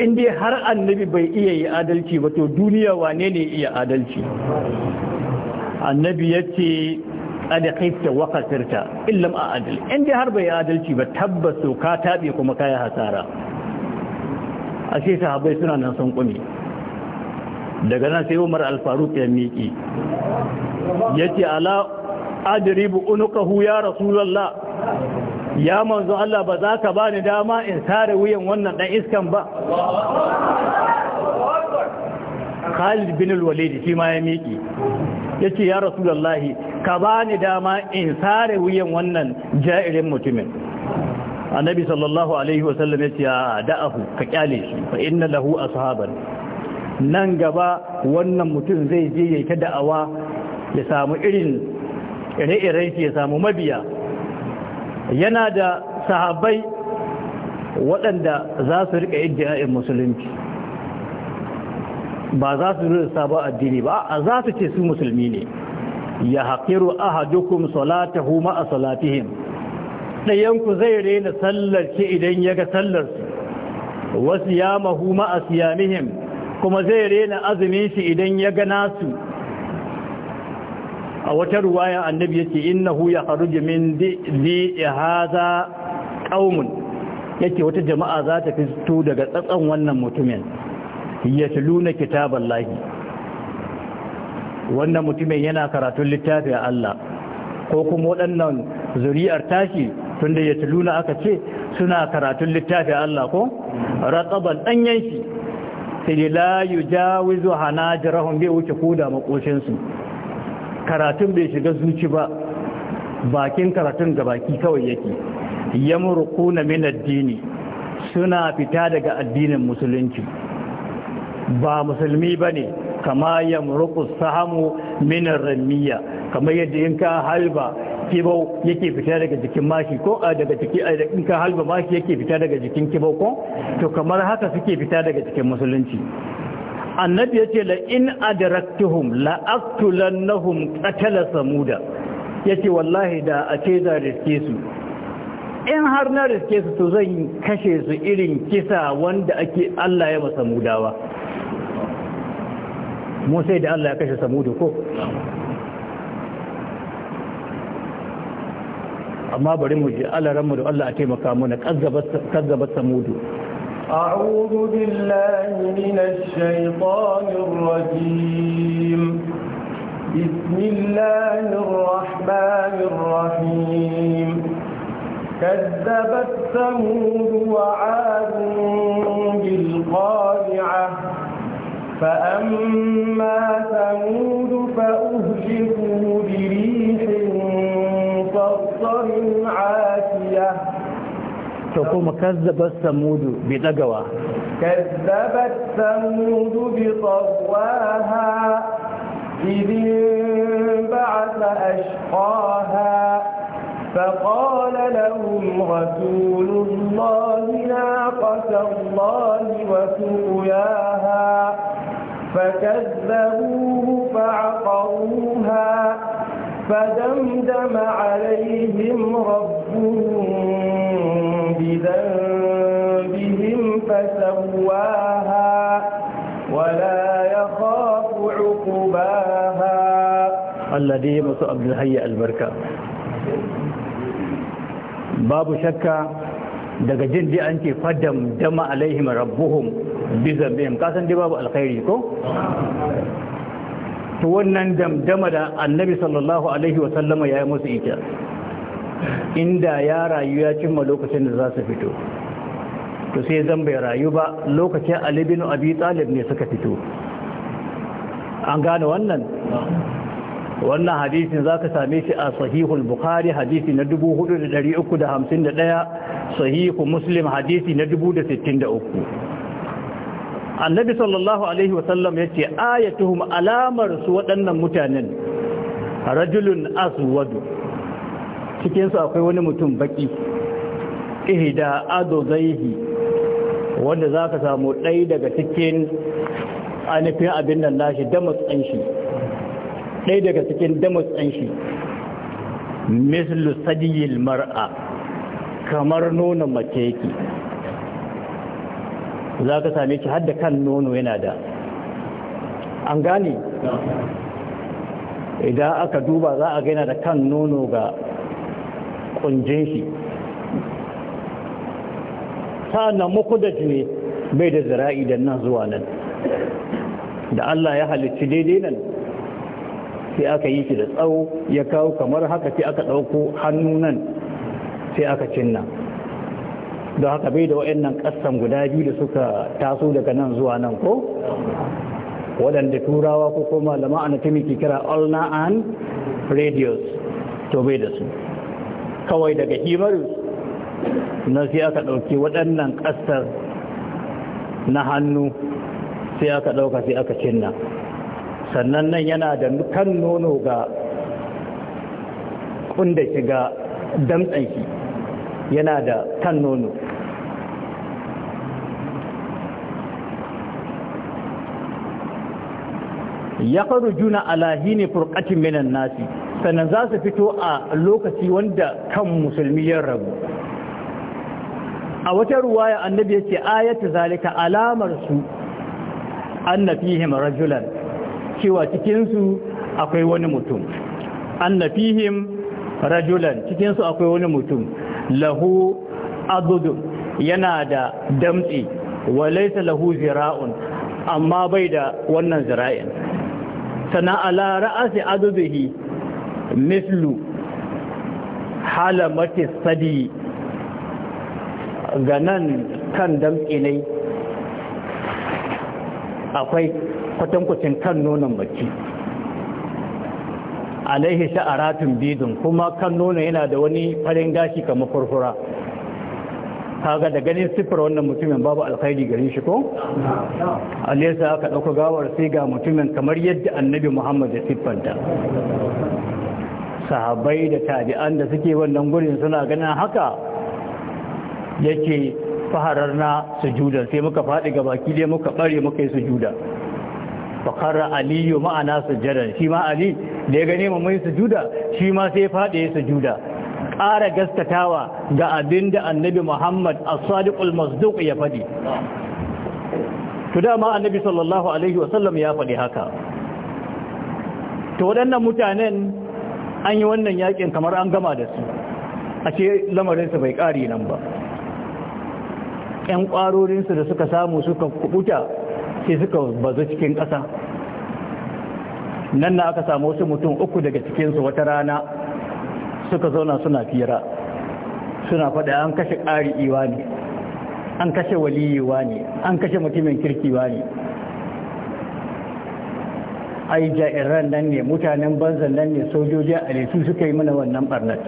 in dai har annabi bai iya yi adalci ba to duniya wane ne iya adalci annabi ya ce wa illam a adal in dai har bai yi adalci ba tabbas to ka tabe kuma kai hasara A ce sahabai suna nan sun kumi daga nan sai Umar al-Faruq ya miki yace ala adribu unukahu ya rasulullah ya manzo Allah ba za ka ba ni dama in tare wuyan wannan dan iskan ba Khalid bin al-Walid shi ma ya miki yace ya Rasulullahi ka ba ni dama in tare wuyan wannan ja'irin mutumin Annabi sallallahu alaihi wasallam yace a da'ahu ka kyale shi fa inna lahu ashaban nan gaba wannan mutum zai je yake da'awa ya samu irin ire-iren shi ya samu mabiya yana da sahabai waɗanda za su riƙa iddiyayen musulunci ba za su rika sabon addini ba a za su ce su musulmi ne ya haƙiru salata huma a salatihim ɗayanku zai rena sallar ce idan ya ga sallarsu wasu yamahu ma'a siyamihim kuma zai rena azumin shi idan ya ga nasu a wata ruwaya annabi yake innahu yakhruju min di hadha qaumun yake wata jama'a za ta fito daga tsatsan wannan mutumin yatluna kitaballahi wannan mutumin yana karatun littafin Allah ko kuma waɗannan zuri'ar tashi tunda yatluna aka ce suna karatun littafin Allah ko rataban danyen shi sai la yujawizu hanajrahum bi wuce ko makoshin su karatun bai shiga zuci ba bakin karatun ga baki kawai yake yamruquna min minaddini suna fita daga addinin musulunci ba musulmi bane kama yamruqu sahamu min ramiya kamar yadda in ka halba kibau yake fita daga jikin mashi ko daga jiki in ka halba mashi yake fita daga jikin kibau ko to kamar haka suke fita daga cikin musulunci annabi ya ce la in adraktuhum la aqtulannahum qatala samuda yace wallahi da a ce da riske su in har na riske su to zan kashe su irin kisa wanda ake Allah ya masa samudawa mu da Allah ya kashe samudu ko amma bari mu ji alaranmu da Allah a taimaka mana kazzabar samudu أعوذ بالله من الشيطان الرجيم بسم الله الرحمن الرحيم كذبت ثمود وعاد بالقارعة فأما ثمود فأهجفوا بريح صرصر عاد تقوم كذبت ثمود بدقوى كذبت ثمود بطواها إذ انبعث أشقاها فقال لهم رسول الله ناقة الله وسؤياها فكذبوه فعقروها فدمدم عليهم ربهم بذنبهم فسواها ولا يخاف عقباها الذي مسو عبد الحي البركة babu shakka daga jin dai an ce fadam dama alaihim rabbuhum bi zambihim ka san babu alkhairi ko to wannan dam dama da annabi sallallahu alaihi wasallama ya yi musu ita inda ya rayu ya cimma lokacin da za su fito to sai zan bai rayu ba lokacin alibinu abi talib ne suka fito an gane wannan wannan hadisin za ka same shi a sahihul bukhari hadisi na 4351 sahihu muslim hadisi na 1063 annabi sallallahu alaihi wasallam ya ce ayatuhum alamar su waɗannan mutanen rajulun aswadu cikinsu akwai wani mutum baki ado zaihi wanda za ka samu ɗai daga cikin anifin abin nan nashi matsayin shi? ɗai daga cikin damas ɗanshi mislu sadiyil mar'a kamar nonon mace yake za ka same shi hadda kan nono yana da an gane idan aka duba za a gaina da kan nono ga kunjin shi muku da ne bai da zira'i da nan zuwa nan da Allah ya halicci daidai nan sai aka yi shi da tsawo ya kawo kamar haka sai aka ɗauko hannu nan sai aka cinna don haka bai da waɗannan ƙasan guda biyu da suka taso daga nan zuwa nan ko waɗanda turawa ko kuma malama anatomy ke kira ulna and radius to bai da su kawai daga hibarinsu na sai aka ɗauki waɗannan ƙasar na hannu sai aka ɗauka sai aka cinna sannan nan yana da kan nono ga ƙunda shi ga yana da kan nono ya faru juna ne furƙatin minan nasi sannan za su fito a lokaci wanda kan musulmi ya rabu a wata ruwaya annabi yake ayatu zalika alamar su annafihim rajulan cewa cikin su akwai wani mutum annafihim rajulan cikin su akwai wani mutum lahu adudu yana da damtsi wa laysa lahu zira'un amma bai da wannan zira'in sana ala ra'asi adubihi mislu halamati sadi ga nan kan damke ne akwai kwatankwacin kan nonon baki alaihi sha'aratun bidin kuma kan nonon yana da wani farin gashi kamar furfura kaga da ganin siffar wannan mutumin babu alkhairi gare shi ko alisa aka ɗauka gawar sai ga mutumin kamar yadda annabi muhammad ya siffanta sahabai da tabi'an da suke wannan gurin suna ganin haka yake faharar na sai muka faɗi ga baki dai muka bare muka yi sujuda fakarra aliyu ma'ana sujada shi ma ali da ya gane mai sujuda shi ma sai faɗi ya sujuda ƙara gaskatawa ga abinda annabi muhammad as-sadiqul masduq ya faɗi to dama annabi sallallahu alaihi wasallam ya faɗi haka to waɗannan mutanen an yi wannan yakin kamar an gama da su a ce lamarinsa bai ƙari nan ba Ƴan ƙwarorinsu da suka samu suka kubuta sai suka bazu cikin ƙasa nan na aka samu wasu mutum uku daga cikinsu wata rana suka zauna suna fira suna faɗa an kashe ƙari iwa ne an kashe waliyuwa ne an kashe mutumin kirkiwa ne ai ja'iran nan ne mutanen banzan nan ne sojoji a lesu suka yi mana wannan barnar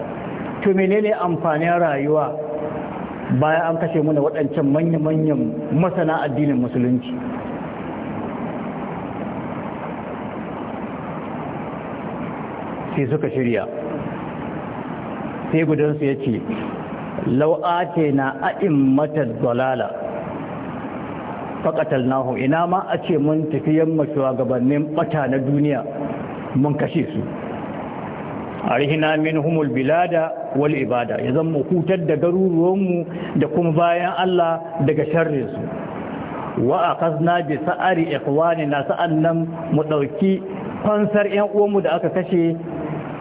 to menene amfanin rayuwa bayan an kashe mana waɗancan manya-manyan masana addinin musulunci sai suka shirya sai gudansu ya ce lau'ate na a'immatar dalala faƙatal nahu ina ma a ce mun tafi yamma gabanin ɓata na duniya mun kashe su a rihina min humul bilada wal ibada ya mu hutar da garuruwanmu da kuma bayan Allah daga sharrinsu. su wa a kasna bi sa'ari ikwani na sa'an mu ɗauki fansar 'yan uwanmu da aka kashe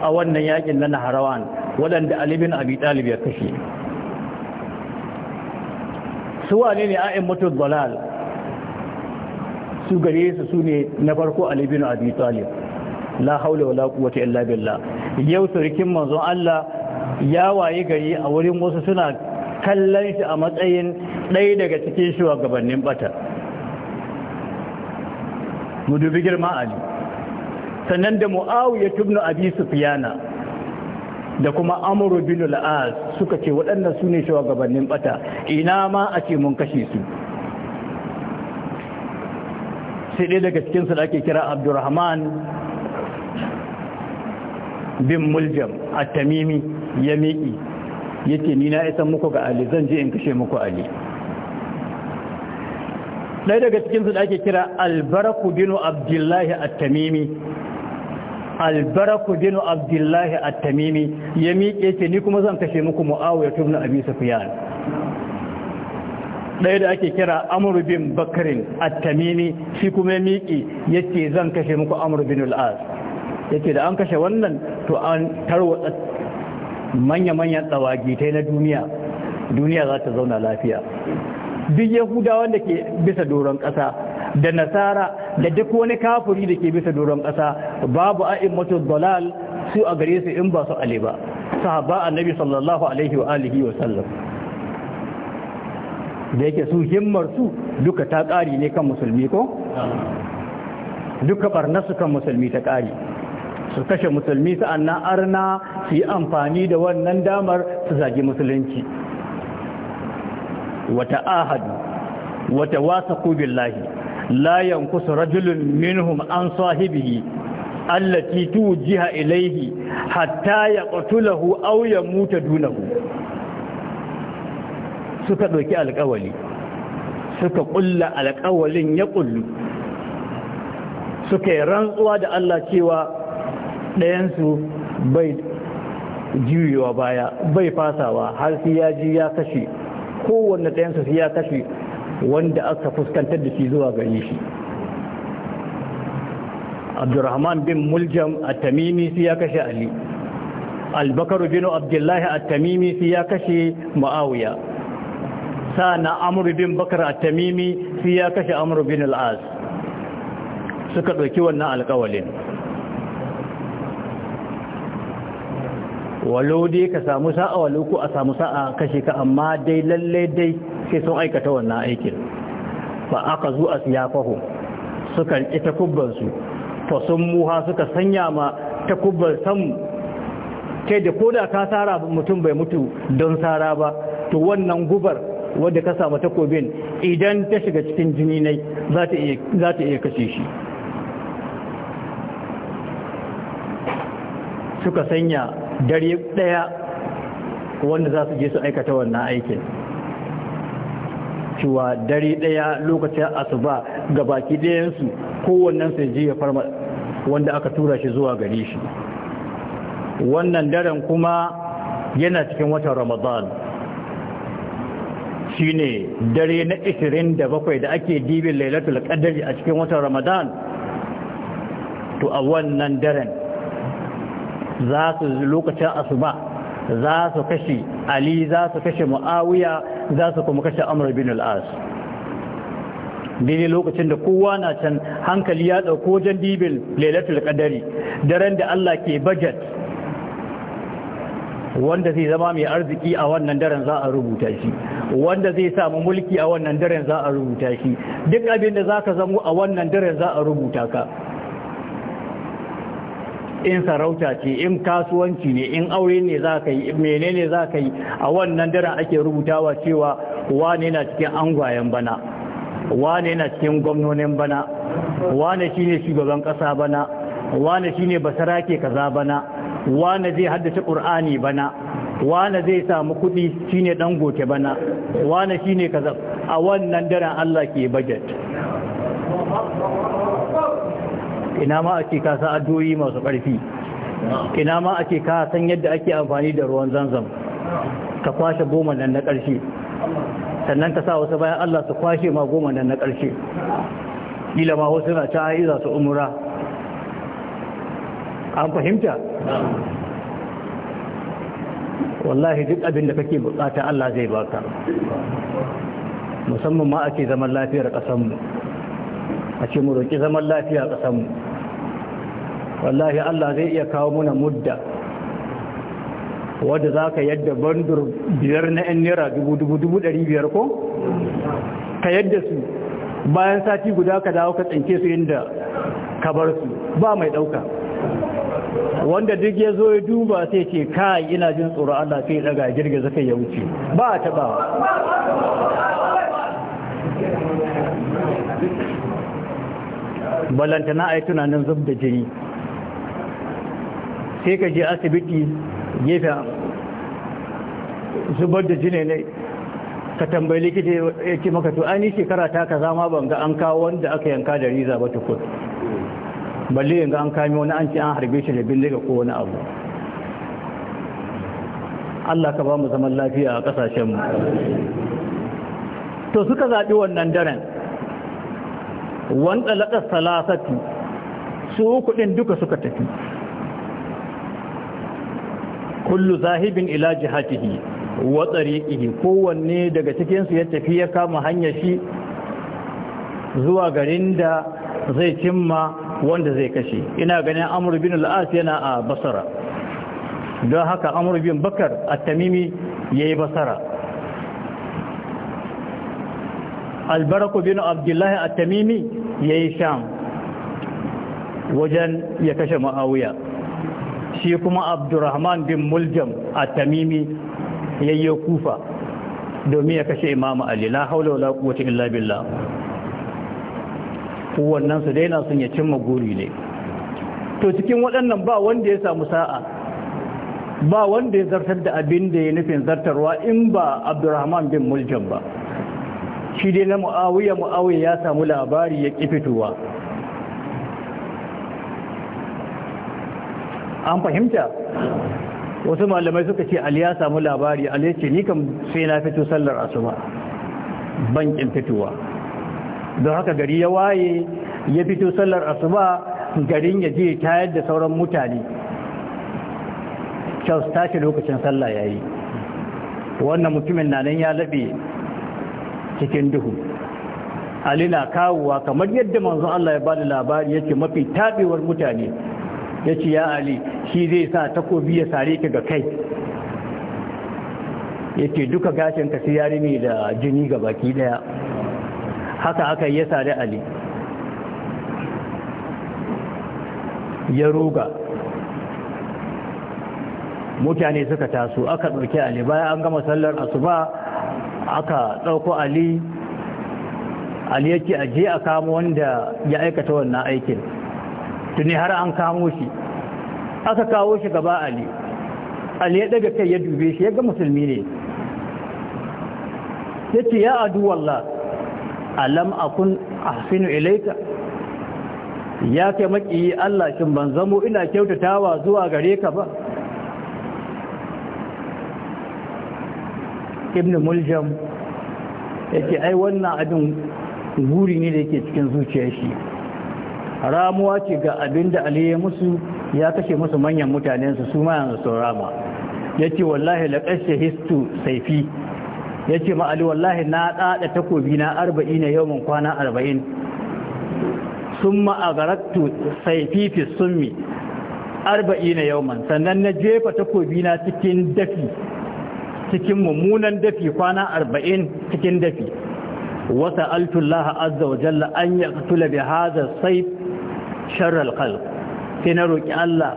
a wannan yakin na naharawan waɗanda alibin abi talib ya kashe su wane ne a'in mutu dalal su gare su su ne na farko Ali bin Abi Talib la haula wala quwwata illa billah yau sarkin manzon Allah ya waye gari a wurin wasu suna kallon shi a matsayin ɗaya daga cikin shugabannin bata mu dubi girma Ali sannan da Muawiya ibn Abi Sufyana da kuma Amr bin al-As suka ce waɗannan sune shugabannin bata ina ma a ce mun kashe su sai ɗaya daga cikinsu da ake kira abdurrahman bin muljam a tamimi ya miƙi ya ce ni na isan muku ga ali zan je in kashe muku ali ɗaya daga cikinsu da ake kira albaraku binu abdullahi a tamimi albaraku binu abdullahi a tamimi ya miƙe ce ni kuma zan kashe muku mu'awiyar tubna abi sufiyan ɗaya da ake kira Amurbin bin bakarin tamini shi kuma miƙi ya ce zan kashe muku amur bin al'az ya ce da an kashe wannan to an tarwatsa manya-manyan tsawagitai na duniya duniya za ta zauna lafiya duk yahudawan da ke bisa doron ƙasa da nasara da duk wani kafuri da ke bisa doron ƙasa babu a'immatu dalal su a gare su in ba su ale ba sahaba annabi sallallahu alaihi wa alihi wa sallam da yake su himmar su duka ta ƙari ne kan musulmi ko duka barnarsu kan musulmi ta ƙari su kashe musulmi sa'annan arna su yi amfani da wannan damar su zagi musulunci wata ahadu wata wasa billahi layan kusa rajulun minhum an sahibihi allati jiha ilaihi hatta yaqtulahu aw yamuta dunahu suka ɗauki alƙawali suka ƙulla alƙawalin ya ƙullu suka yi rantsuwa da Allah cewa ɗayansu bai juyewa baya bai fasawa har su ya ji ya kashe kowanne ɗayansu su ya kashe wanda aka fuskantar da shi zuwa gari shi abdurrahman bin muljam a tamimi su ya kashe ali albakar bin abdullahi a tamimi su ya kashe muawiya sa na amur bin bakar a tamimi sai ya kashe amur bin al'az suka ɗauki wannan alƙawalin walo dai ka samu sa'a walo ku a samu sa'a kashe ka amma dai lalle dai sai sun aikata wannan aikin ba aka zo a siyafahu suka riƙe takubbansu fa sun muha suka sanya ma takubbar samu kai da koda ka tsara mutum bai mutu don tsara ba to wannan gubar wadda ka samu takobin idan ta shiga cikin jini ne za ta iya kashe shi suka sanya dare daya wanda za su je su aikata wannan aikin cewa dare daya lokacin asuba ga baki dayansu kowannen sai je ya farma wanda aka tura shi zuwa gare shi wannan daren kuma yana cikin watan ramadan Shi ne dare na 27 da ake dibin lailatul qadari a cikin watan ramadan to a wannan daren za su lokacin asuba za su kashe ali za su kashe muawiya za su kuma kashe amur bin al'as as lokacin da kowa na can hankali ya ɗauko wajen dibin lailatul qadari daren da Allah ke bajet. wanda zai zama mai arziki a wannan daren za a rubuta shi wanda zai samu mulki a wannan daren za a rubuta shi duk abin da za ka zamo a wannan daren za a rubuta ka in sarauta ce in kasuwanci ne in aure ne za ka yi menene za ka yi a wannan daren ake rubutawa cewa wane na cikin angwayen bana wane na cikin gwamnonin bana wane ne shugaban kasa bana wane basara basarake kaza bana wane zai haddace ƙur'ani bana wane zai samu kuɗi shine ɗan goke bana wane shine kaza a wannan daren Allah ke budget ina ma ake ka sa addu'o'i masu ƙarfi ina ma ake ka san yadda ake amfani da ruwan zanzam ka kwashe goma nan na ƙarshe sannan ka sa wasu bayan Allah su kwashe ma goma nan na ƙarshe ila ma wasu na ta za su umura an fahimta wallahi duk abin da kake bukata Allah zai baka musamman ma ake zaman lafiyar kasanmu a ce mu roƙi zaman lafiyar kasanmu wallahi Allah zai iya kawo muna mudda wadda za ka yadda bandur biyar na 'yan naira biyar ko ka yadda su bayan sati guda ka dawo ka tsinke su inda ka bar su ba mai ɗauka wanda duk ya zo ya duba sai ce kai ina jin tsoron Allah sai daga girgiza kai ya wuce ba ta ba. Balanta na ai tunanin zub da jini sai ka je asibiti gefe zubar da jini ne ka tambayi likita ya ce maka to an yi shekara ta kaza ma ban ga an kawo wanda aka yanka da riza ba tukun balle yanga an kami wani an ce an harbe shi da bindiga ko wani abu Allah ka ba mu zaman lafiya a kasashenmu to suka zaɓi wannan daren wanda laƙar salasatu su kuɗin duka suka tafi kullu zahibin ila jihatihi wa tsari'ihi kowanne daga cikinsu ya tafi ya kama hanyar shi zuwa garin da zai cimma wanda zai kashe ina ganin amur bin al'as yana a basara don haka amur bin bakar a tamimi ya yi basara albaraku bin abdullahi a tamimi ya yi sham wajen ya kashe ma'awuya shi kuma abdurrahman bin muljam a tamimi ya yi kufa domin ya kashe imamu ali la haula wala quwwata illa billah kowannen su daina sun ya cimma guri ne to cikin waɗannan ba wanda ya samu sa'a ba wanda ya zartar da abin da ya nufin zartarwa in ba abdurrahman bin muljan ba shi dai na mu'awiyya mu'awiyya ya samu labari ya ƙi fitowa an fahimta wasu malamai suka ce ali ya samu labari ali ya ce ni kan sai na fito sallar asuba bankin fitowa don haka gari ya waye ya fito sallar asuba garin ya je tayar da sauran mutane Charles tashi lokacin sallah ya yi. wannan mutumin na nan ya labe cikin duhu Ali na kawowa kamar yadda manzon Allah ya ba da labari yake mafi taɓewar mutane ya ce ya Ali shi zai sa takobi ya sare ka ga kai yake duka gashin ka sai ya da jini ga baki daya haka aka yi sari ali ya ruga mutane suka taso aka ɗauki ali bayan an gama sallar asuba aka ɗauko ali ali yake aje a kamo wanda ya aikata wannan aikin tuni har an kamo shi aka kawo shi gaba ali ali ya daga kai ya dube shi ya ga musulmi ne ya ce ya adu alam akun ahsinu ilaika ya kai maki Allah shin ban zamo ina kyautatawa zuwa gare ka ba ibn muljam yake ai wannan abin guri ne da yake cikin zuciya shi ramuwa ce ga abin da Ali musu ya kashe musu manyan mutanensu su ma yanzu sun rama yace wallahi laqad histu saifi. ya ce ma'ali wallahi na ɗaɗa takobi na arba'in yawon kwana arba'in sun ma'agarattu saififis sun mi arba'in na yawon sannan na jefa takobina cikin dafi cikin mummunan dafi kwana arba'in cikin dafi wata altullaha azza wa jalla an yi tula bi saif sharral sai na roƙi Allah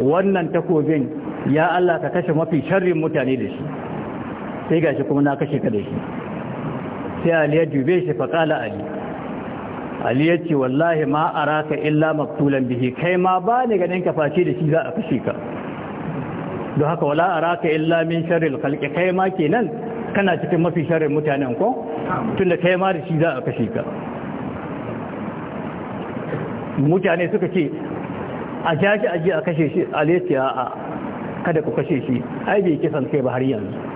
wannan takobin ya Allah ka kashe mafi sharrin mutane da shi sai gashi kuma na kashe ka da shi sai ali ya dube shi faƙala ali ali ya ce wallahi ma araka illa maktulan bihi kai ma ba ni ganin ka face da shi za a kashe ka don haka wala araka illa min sharril khalqi kai ma kenan kana cikin mafi sharrin mutanen ko tunda kai ma da shi za a kashe ka mutane suka ce a jaji aje a kashe shi aliyati a kada ku kashe shi ai bai kisan kai ba har yanzu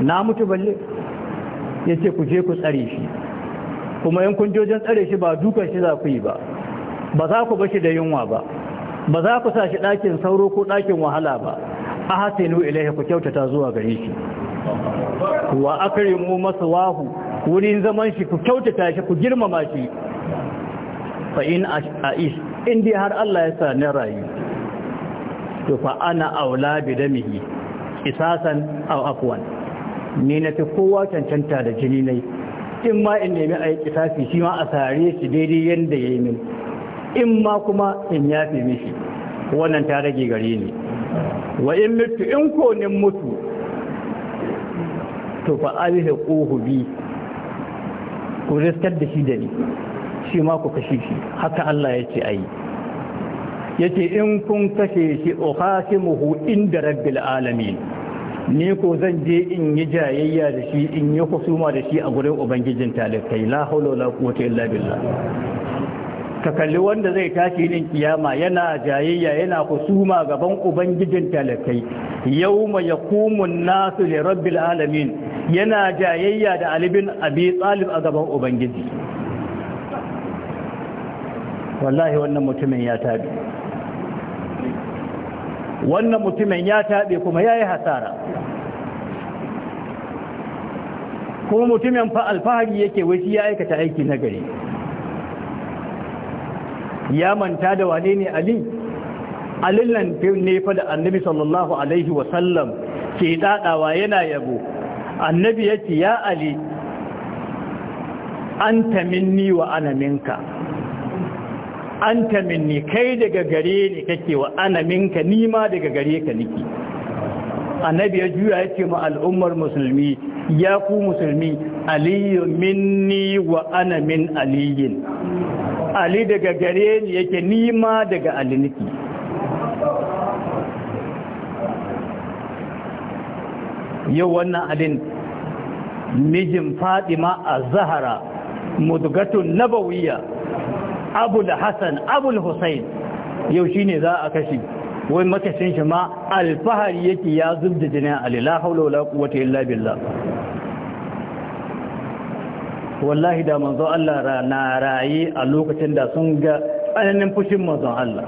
na mutu balle ya ce ku je ku tsare shi kuma yankunjojin kunjojen tsare shi ba dukan shi za ku yi ba ba za ku bashi da yunwa ba ba za ku sa shi ɗakin sauro ko ɗakin wahala ba a hasinu ilaihi ku kyautata zuwa gare shi wa masu wahu wurin zaman shi ku kyautata shi ku girmama shi fa in aish in dai har Allah ya sa ni rayu to fa ana aula bi damihi isasan aw afwan ni na fi kowa cancanta da jini nai in ma in nemi a yi kisafi shi ma a sare shi daidai yadda ya yi min in ma kuma in yafe mishi wannan ta rage gare ni wa in mutu in ko mutu to fa alhi quhu bi ku riskar da shi da ni shi ma ku kashe shi haka Allah ya ce ayi yace in kun kashe shi ukhasimuhu inda rabbil alamin ni ko zan je in yi jayayya da shi in yi kusuma da shi a gurin ubangijin talikai la haula quwwata illa billah ka kalli wanda zai tashi din kiyama yana jayayya yana kusuma gaban ubangijin talibai yawma yaqumu an-nasu li rabbil alamin yana jayayya da alibin Abi Talib a gaban ubangiji wallahi wannan mutumin ya tabi wannan mutumin ya taɓe kuma ya yi hasara kuma mutumin alfahari yake wai ya aikata aiki na gari ya manta da wane ne ali alillan ne fa da annabi sallallahu alaihi wasallam ke ɗaɗawa yana yabo annabi ya ce ya ali An minni wa ana anta minni kai daga gare ni kake wa ana minka nima daga gare ka niki annabi ya juya ya ce ma al'ummar musulmi ya ku musulmi aliyu minni wa ana min aliyin ali daga gare ni yake nima daga ali niki yau wannan alin mijin fadima a zahara mudugatun nabawiyya abul hassan abul hussein yau shi ne za a kashe wai makashin shi ma alfahari yake ya zub da jinin alila haula wata quwwata illa billah wallahi da manzo Allah na raye a lokacin da sun ga tsananin fushin manzo Allah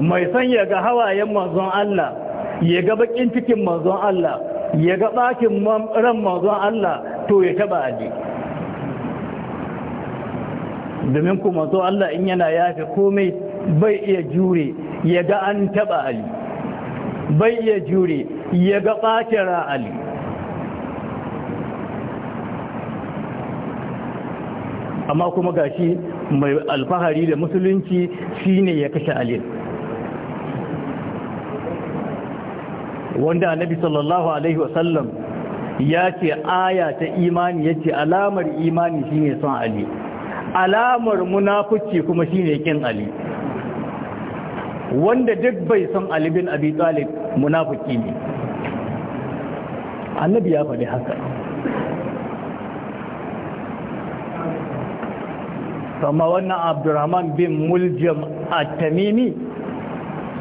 mai son ya ga hawayen manzo Allah ya ga bakin cikin manzo Allah ya ga bakin ran manzon Allah to ya taba aje domin kuma zo Allah in yana yafe komai bai iya jure ya ga an taɓa Ali bai iya jure ya ga ɓacira Ali amma kuma gashi mai alfahari da musulunci shine ya kashe Ali wanda annabi sallallahu alaihi wasallam ya ce aya ta imani ya ce alamar imani shine son Ali alamar munafuci kuma shine kin ali wanda duk bai san ali bin abi talib munafiki ne annabi ya faɗi haka kama wannan abdurrahman bin muljam at tamimi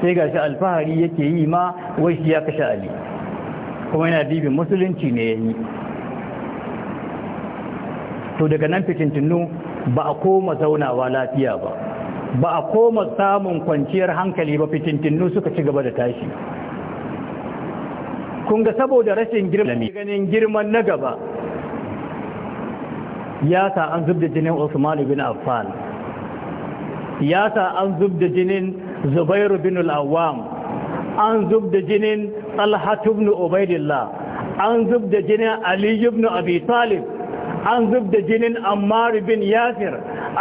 sai ga shi alfahari yake yi ma wai shi ya kashe ali kuma yana bibin musulunci ne ya yi to daga nan fitintinu ba a koma zaunawa lafiya ba ba a koma samun kwanciyar hankali ba fitintinnu suka ci gaba da tashi kun ga saboda rashin girman ganin girman na gaba ya sa an zub da jinin Usman bin Affan ya sa an zub da jinin Zubairu bin Al-Awwam an zub da jinin Talha bin Ubaidillah an zub da jinin Ali bin Abi Talib an zub da jinin ammar bin yasir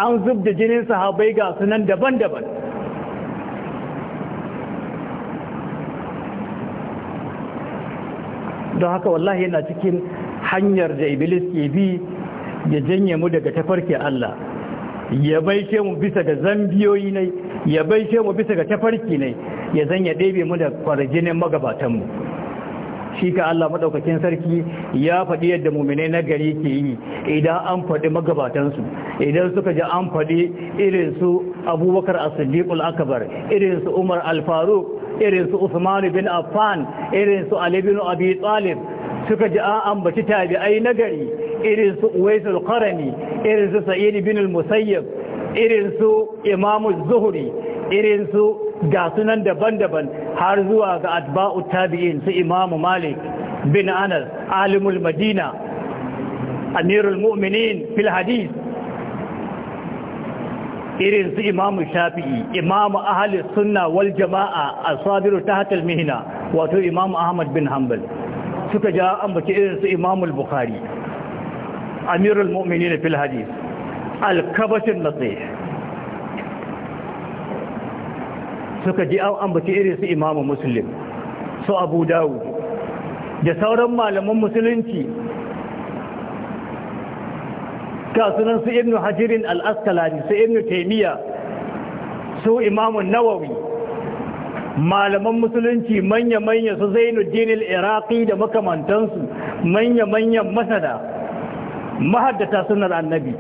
an zub da jinin sahabai ga sunan daban-daban don haka wallahi yana cikin hanyar da iblis ke bi ya janye mu daga tafarki Allah ya baishe mu bisa ga zambiyoyi ne ya baishe mu bisa ga tafarki ne ya zanya ɗebe mu da kwarjinin magabatanmu shi ka Allah madaukakin sarki ya faɗi yadda muminai na gari ke yi idan an faɗi magabatansu idan suka ji an faɗi irin su abubakar as akabar akbar irin su umar alfaru faruq irin su usman bin affan irin su ali bin abi tsalib suka ji an ambaci tabi'ai na gari irin su uwaisul qarani irin su sa'id bin al-musayyib irin su Imamu zuhri irin su ga sunan daban-daban har zuwa ga atba'u tabi'in su imamu malik bin anas alimul madina amirul mu'minin fil hadis irin su imamu shafi'i imamu ahli sunna wal jama'a a asabiru ta hatar mihina, wato imamu ahmad bin hanbal suka ja ambaci irin su imamu al bukhari amirul mu'minin fil hadis al kabatin nasih suka ji an ambaci irin su imamu musulun su abu dawu da sauran malaman musulunci kasunan su ibnu hajirin al'askalani su ibnu taimiyya su imamun nawawi malaman musulunci manya-manya su dinil iraqi da makamantansu manya manya masana mahaddata sunar annabi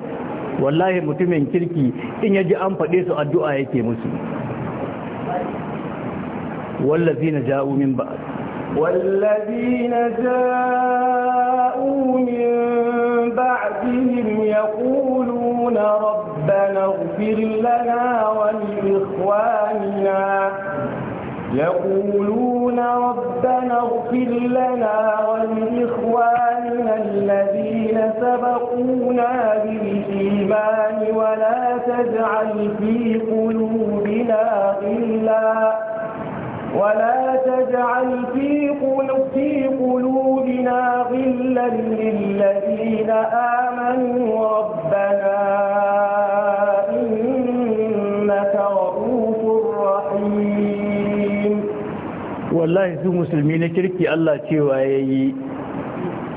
wallahi mutumin kirki in yaji an faɗe su addu'a yake musu والذين جاءوا من بعد والذين جاءوا من بعدهم يقولون ربنا اغفر لنا ولإخواننا يقولون ربنا اغفر لنا ولإخواننا الذين سبقونا بالإيمان ولا تجعل في قلوبنا غلا ولا تجعل في قلوبنا غلا للذين آمنوا ربنا إنك رؤوف رحيم والله su مسلمين تركي الله Allah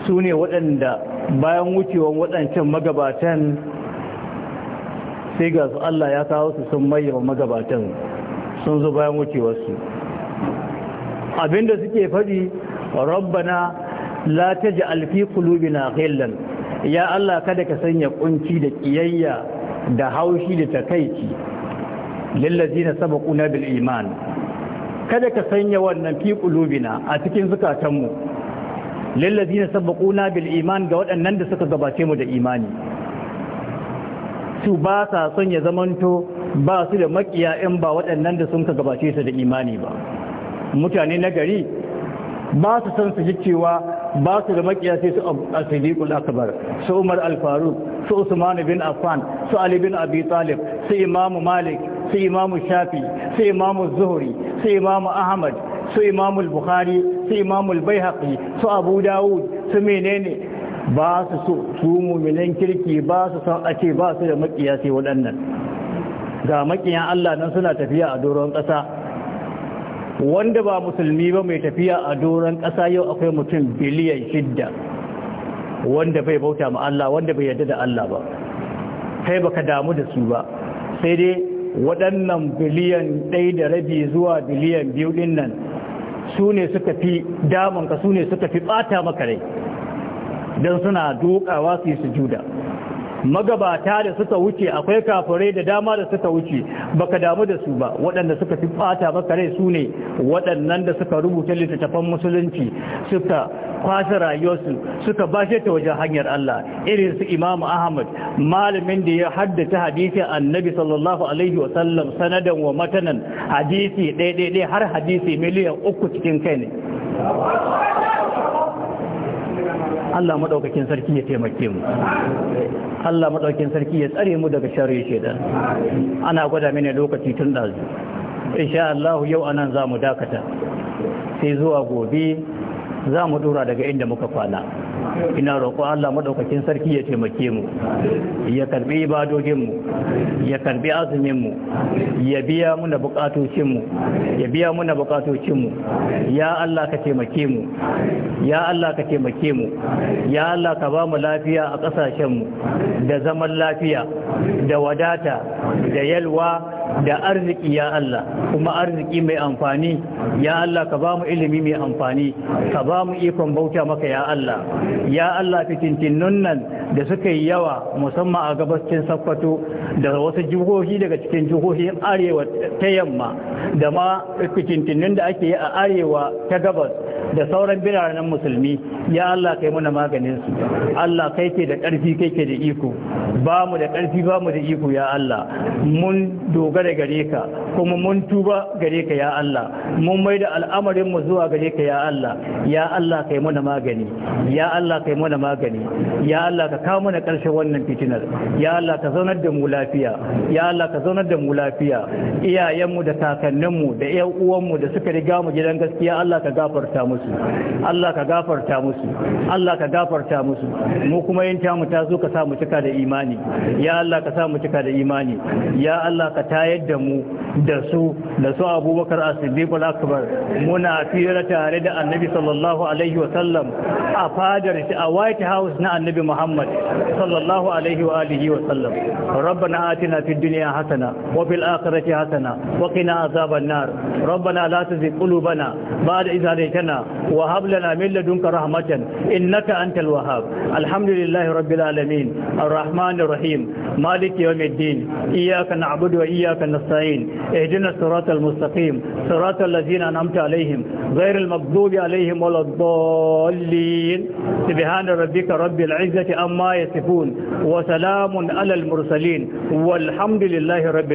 cewa ya waɗanda bayan wucewan waɗancan magabatan sai ga su Allah ya kawo su sun mayyama magabatan sun zo bayan wucewarsu abinda suke faɗi rabbana la taj'al fi qulubina ghillan ya Allah kada ka sanya kunci da kiyayya da haushi da takaici lillazina sabaquna bil iman kada ka sanya wannan fi qulubina a cikin zukatanmu lillazina sabaquna bil iman ga waɗannan da suka gabace mu da imani su ba sa son ya zamanto ba su da makiya in ba waɗannan da sun ka gabace su da imani ba mutane na gari ba su san su ji cewa ba su da makiya sai su asidiqul akbar su umar al su usman bin affan su ali bin abi talib su imamu malik su imamu shafi su imamu zuhri su imamu ahmad su imamu bukhari su imamu al su abu dawud su menene ba su su su mu'minan kirki ba su san ake ba su da makiya waɗannan ga makiyan Allah nan suna tafiya a doron ƙasa wanda ba musulmi ba mai tafiya a doron ƙasa yau akwai mutum biliyan shidda wanda bai bauta ma Allah wanda bai yarda da Allah ba kai baka damu da su ba sai dai waɗannan biliyan ɗaya da rabi zuwa biliyan biyu ɗin nan su ne suka fi damanka su ne suka fi ɓata maka rai don suna dukawa su yi sujuda magabata da suka wuce akwai kafirai da dama da suka wuce baka damu da su ba waɗanda suka fi bata maka rai su ne waɗannan da suka rubuta littattafan musulunci suka kwasa rayuwarsu suka bashe ta wajen hanyar Allah irin su Imam Ahmad malamin da ya haddace hadisin Annabi sallallahu alaihi wa sallam sanadan wa matanan hadisi ɗaya ɗaya har hadisi miliyan uku cikin kai ne Allah madaukakin sarki ya taimake mu Allah madaukakin sarki ya tsare mu daga sharri shedan ana gwada mini lokaci tun dazu insha Allah yau anan zamu dakata sai zuwa gobe zamu dora daga inda muka kwana ina roƙo Allah madaukakin sarki ya taimake mu ya karbi ibadojin mu ya karbi azumin mu ya biya muna bukatocin mu ya biya muna buƙatocin mu ya Allah ka taimake mu ya Allah ka taimake mu ya Allah ka ba mu lafiya a ƙasashen mu da zaman lafiya da wadata da yalwa da arziki ya Allah kuma arziki mai amfani ya Allah ka ba mu ilimi mai amfani ka ba mu ikon bauta maka ya Allah ya Allah fitintinnun nan da suka yi yawa musamman a gabashin sakwato da wasu jihohi daga cikin jihohin arewa ta yamma da ma fitintinnun da ake yi a arewa ta gabas da sauran biranen musulmi ya Allah kai muna maganin su Allah kai ke da ƙarfi kai ke da iko ba mu da ƙarfi ba mu da iko ya Allah mun dogara gare ka kuma mun tuba gare ka ya Allah mun mai da al'amarin mu zuwa gare ka ya Allah ya Allah kai muna magani ya Allah kai muna magani ya Allah ka kawo mana ƙarshen wannan fitinar ya Allah ka zaunar da mu lafiya ya Allah ka zaunar da mu lafiya iyayenmu da kakanninmu da ƴan uwanmu da suka riga mu gidan gaskiya Allah ka gafarta musu musu Allah ka gafarta musu Allah ka gafarta musu mu kuma yin tamu ta zo ka sa mu cika da imani ya Allah ka sa mu cika da imani ya Allah ka tayar da mu da su da su Abubakar As-Siddiq al-Akbar muna fira tare da Annabi sallallahu alaihi wa sallam a fadar a White House na Annabi Muhammad sallallahu alaihi wa alihi wa sallam ربنا آتنا في الدنيا حسنة وفي الآخرة حسنة وقنا عذاب النار ربنا لا تزغ قلوبنا بعد إذ هديتنا وهب لنا من لدنك رحمة إنك أنت الوهاب الحمد لله رب العالمين الرحمن الرحيم مالك يوم الدين إياك نعبد وإياك نستعين اهدنا الصراط المستقيم صراط الذين أنعمت عليهم غير المغضوب عليهم ولا الضالين سبحان ربك رب العزة أما يصفون وسلام على المرسلين والحمد لله رب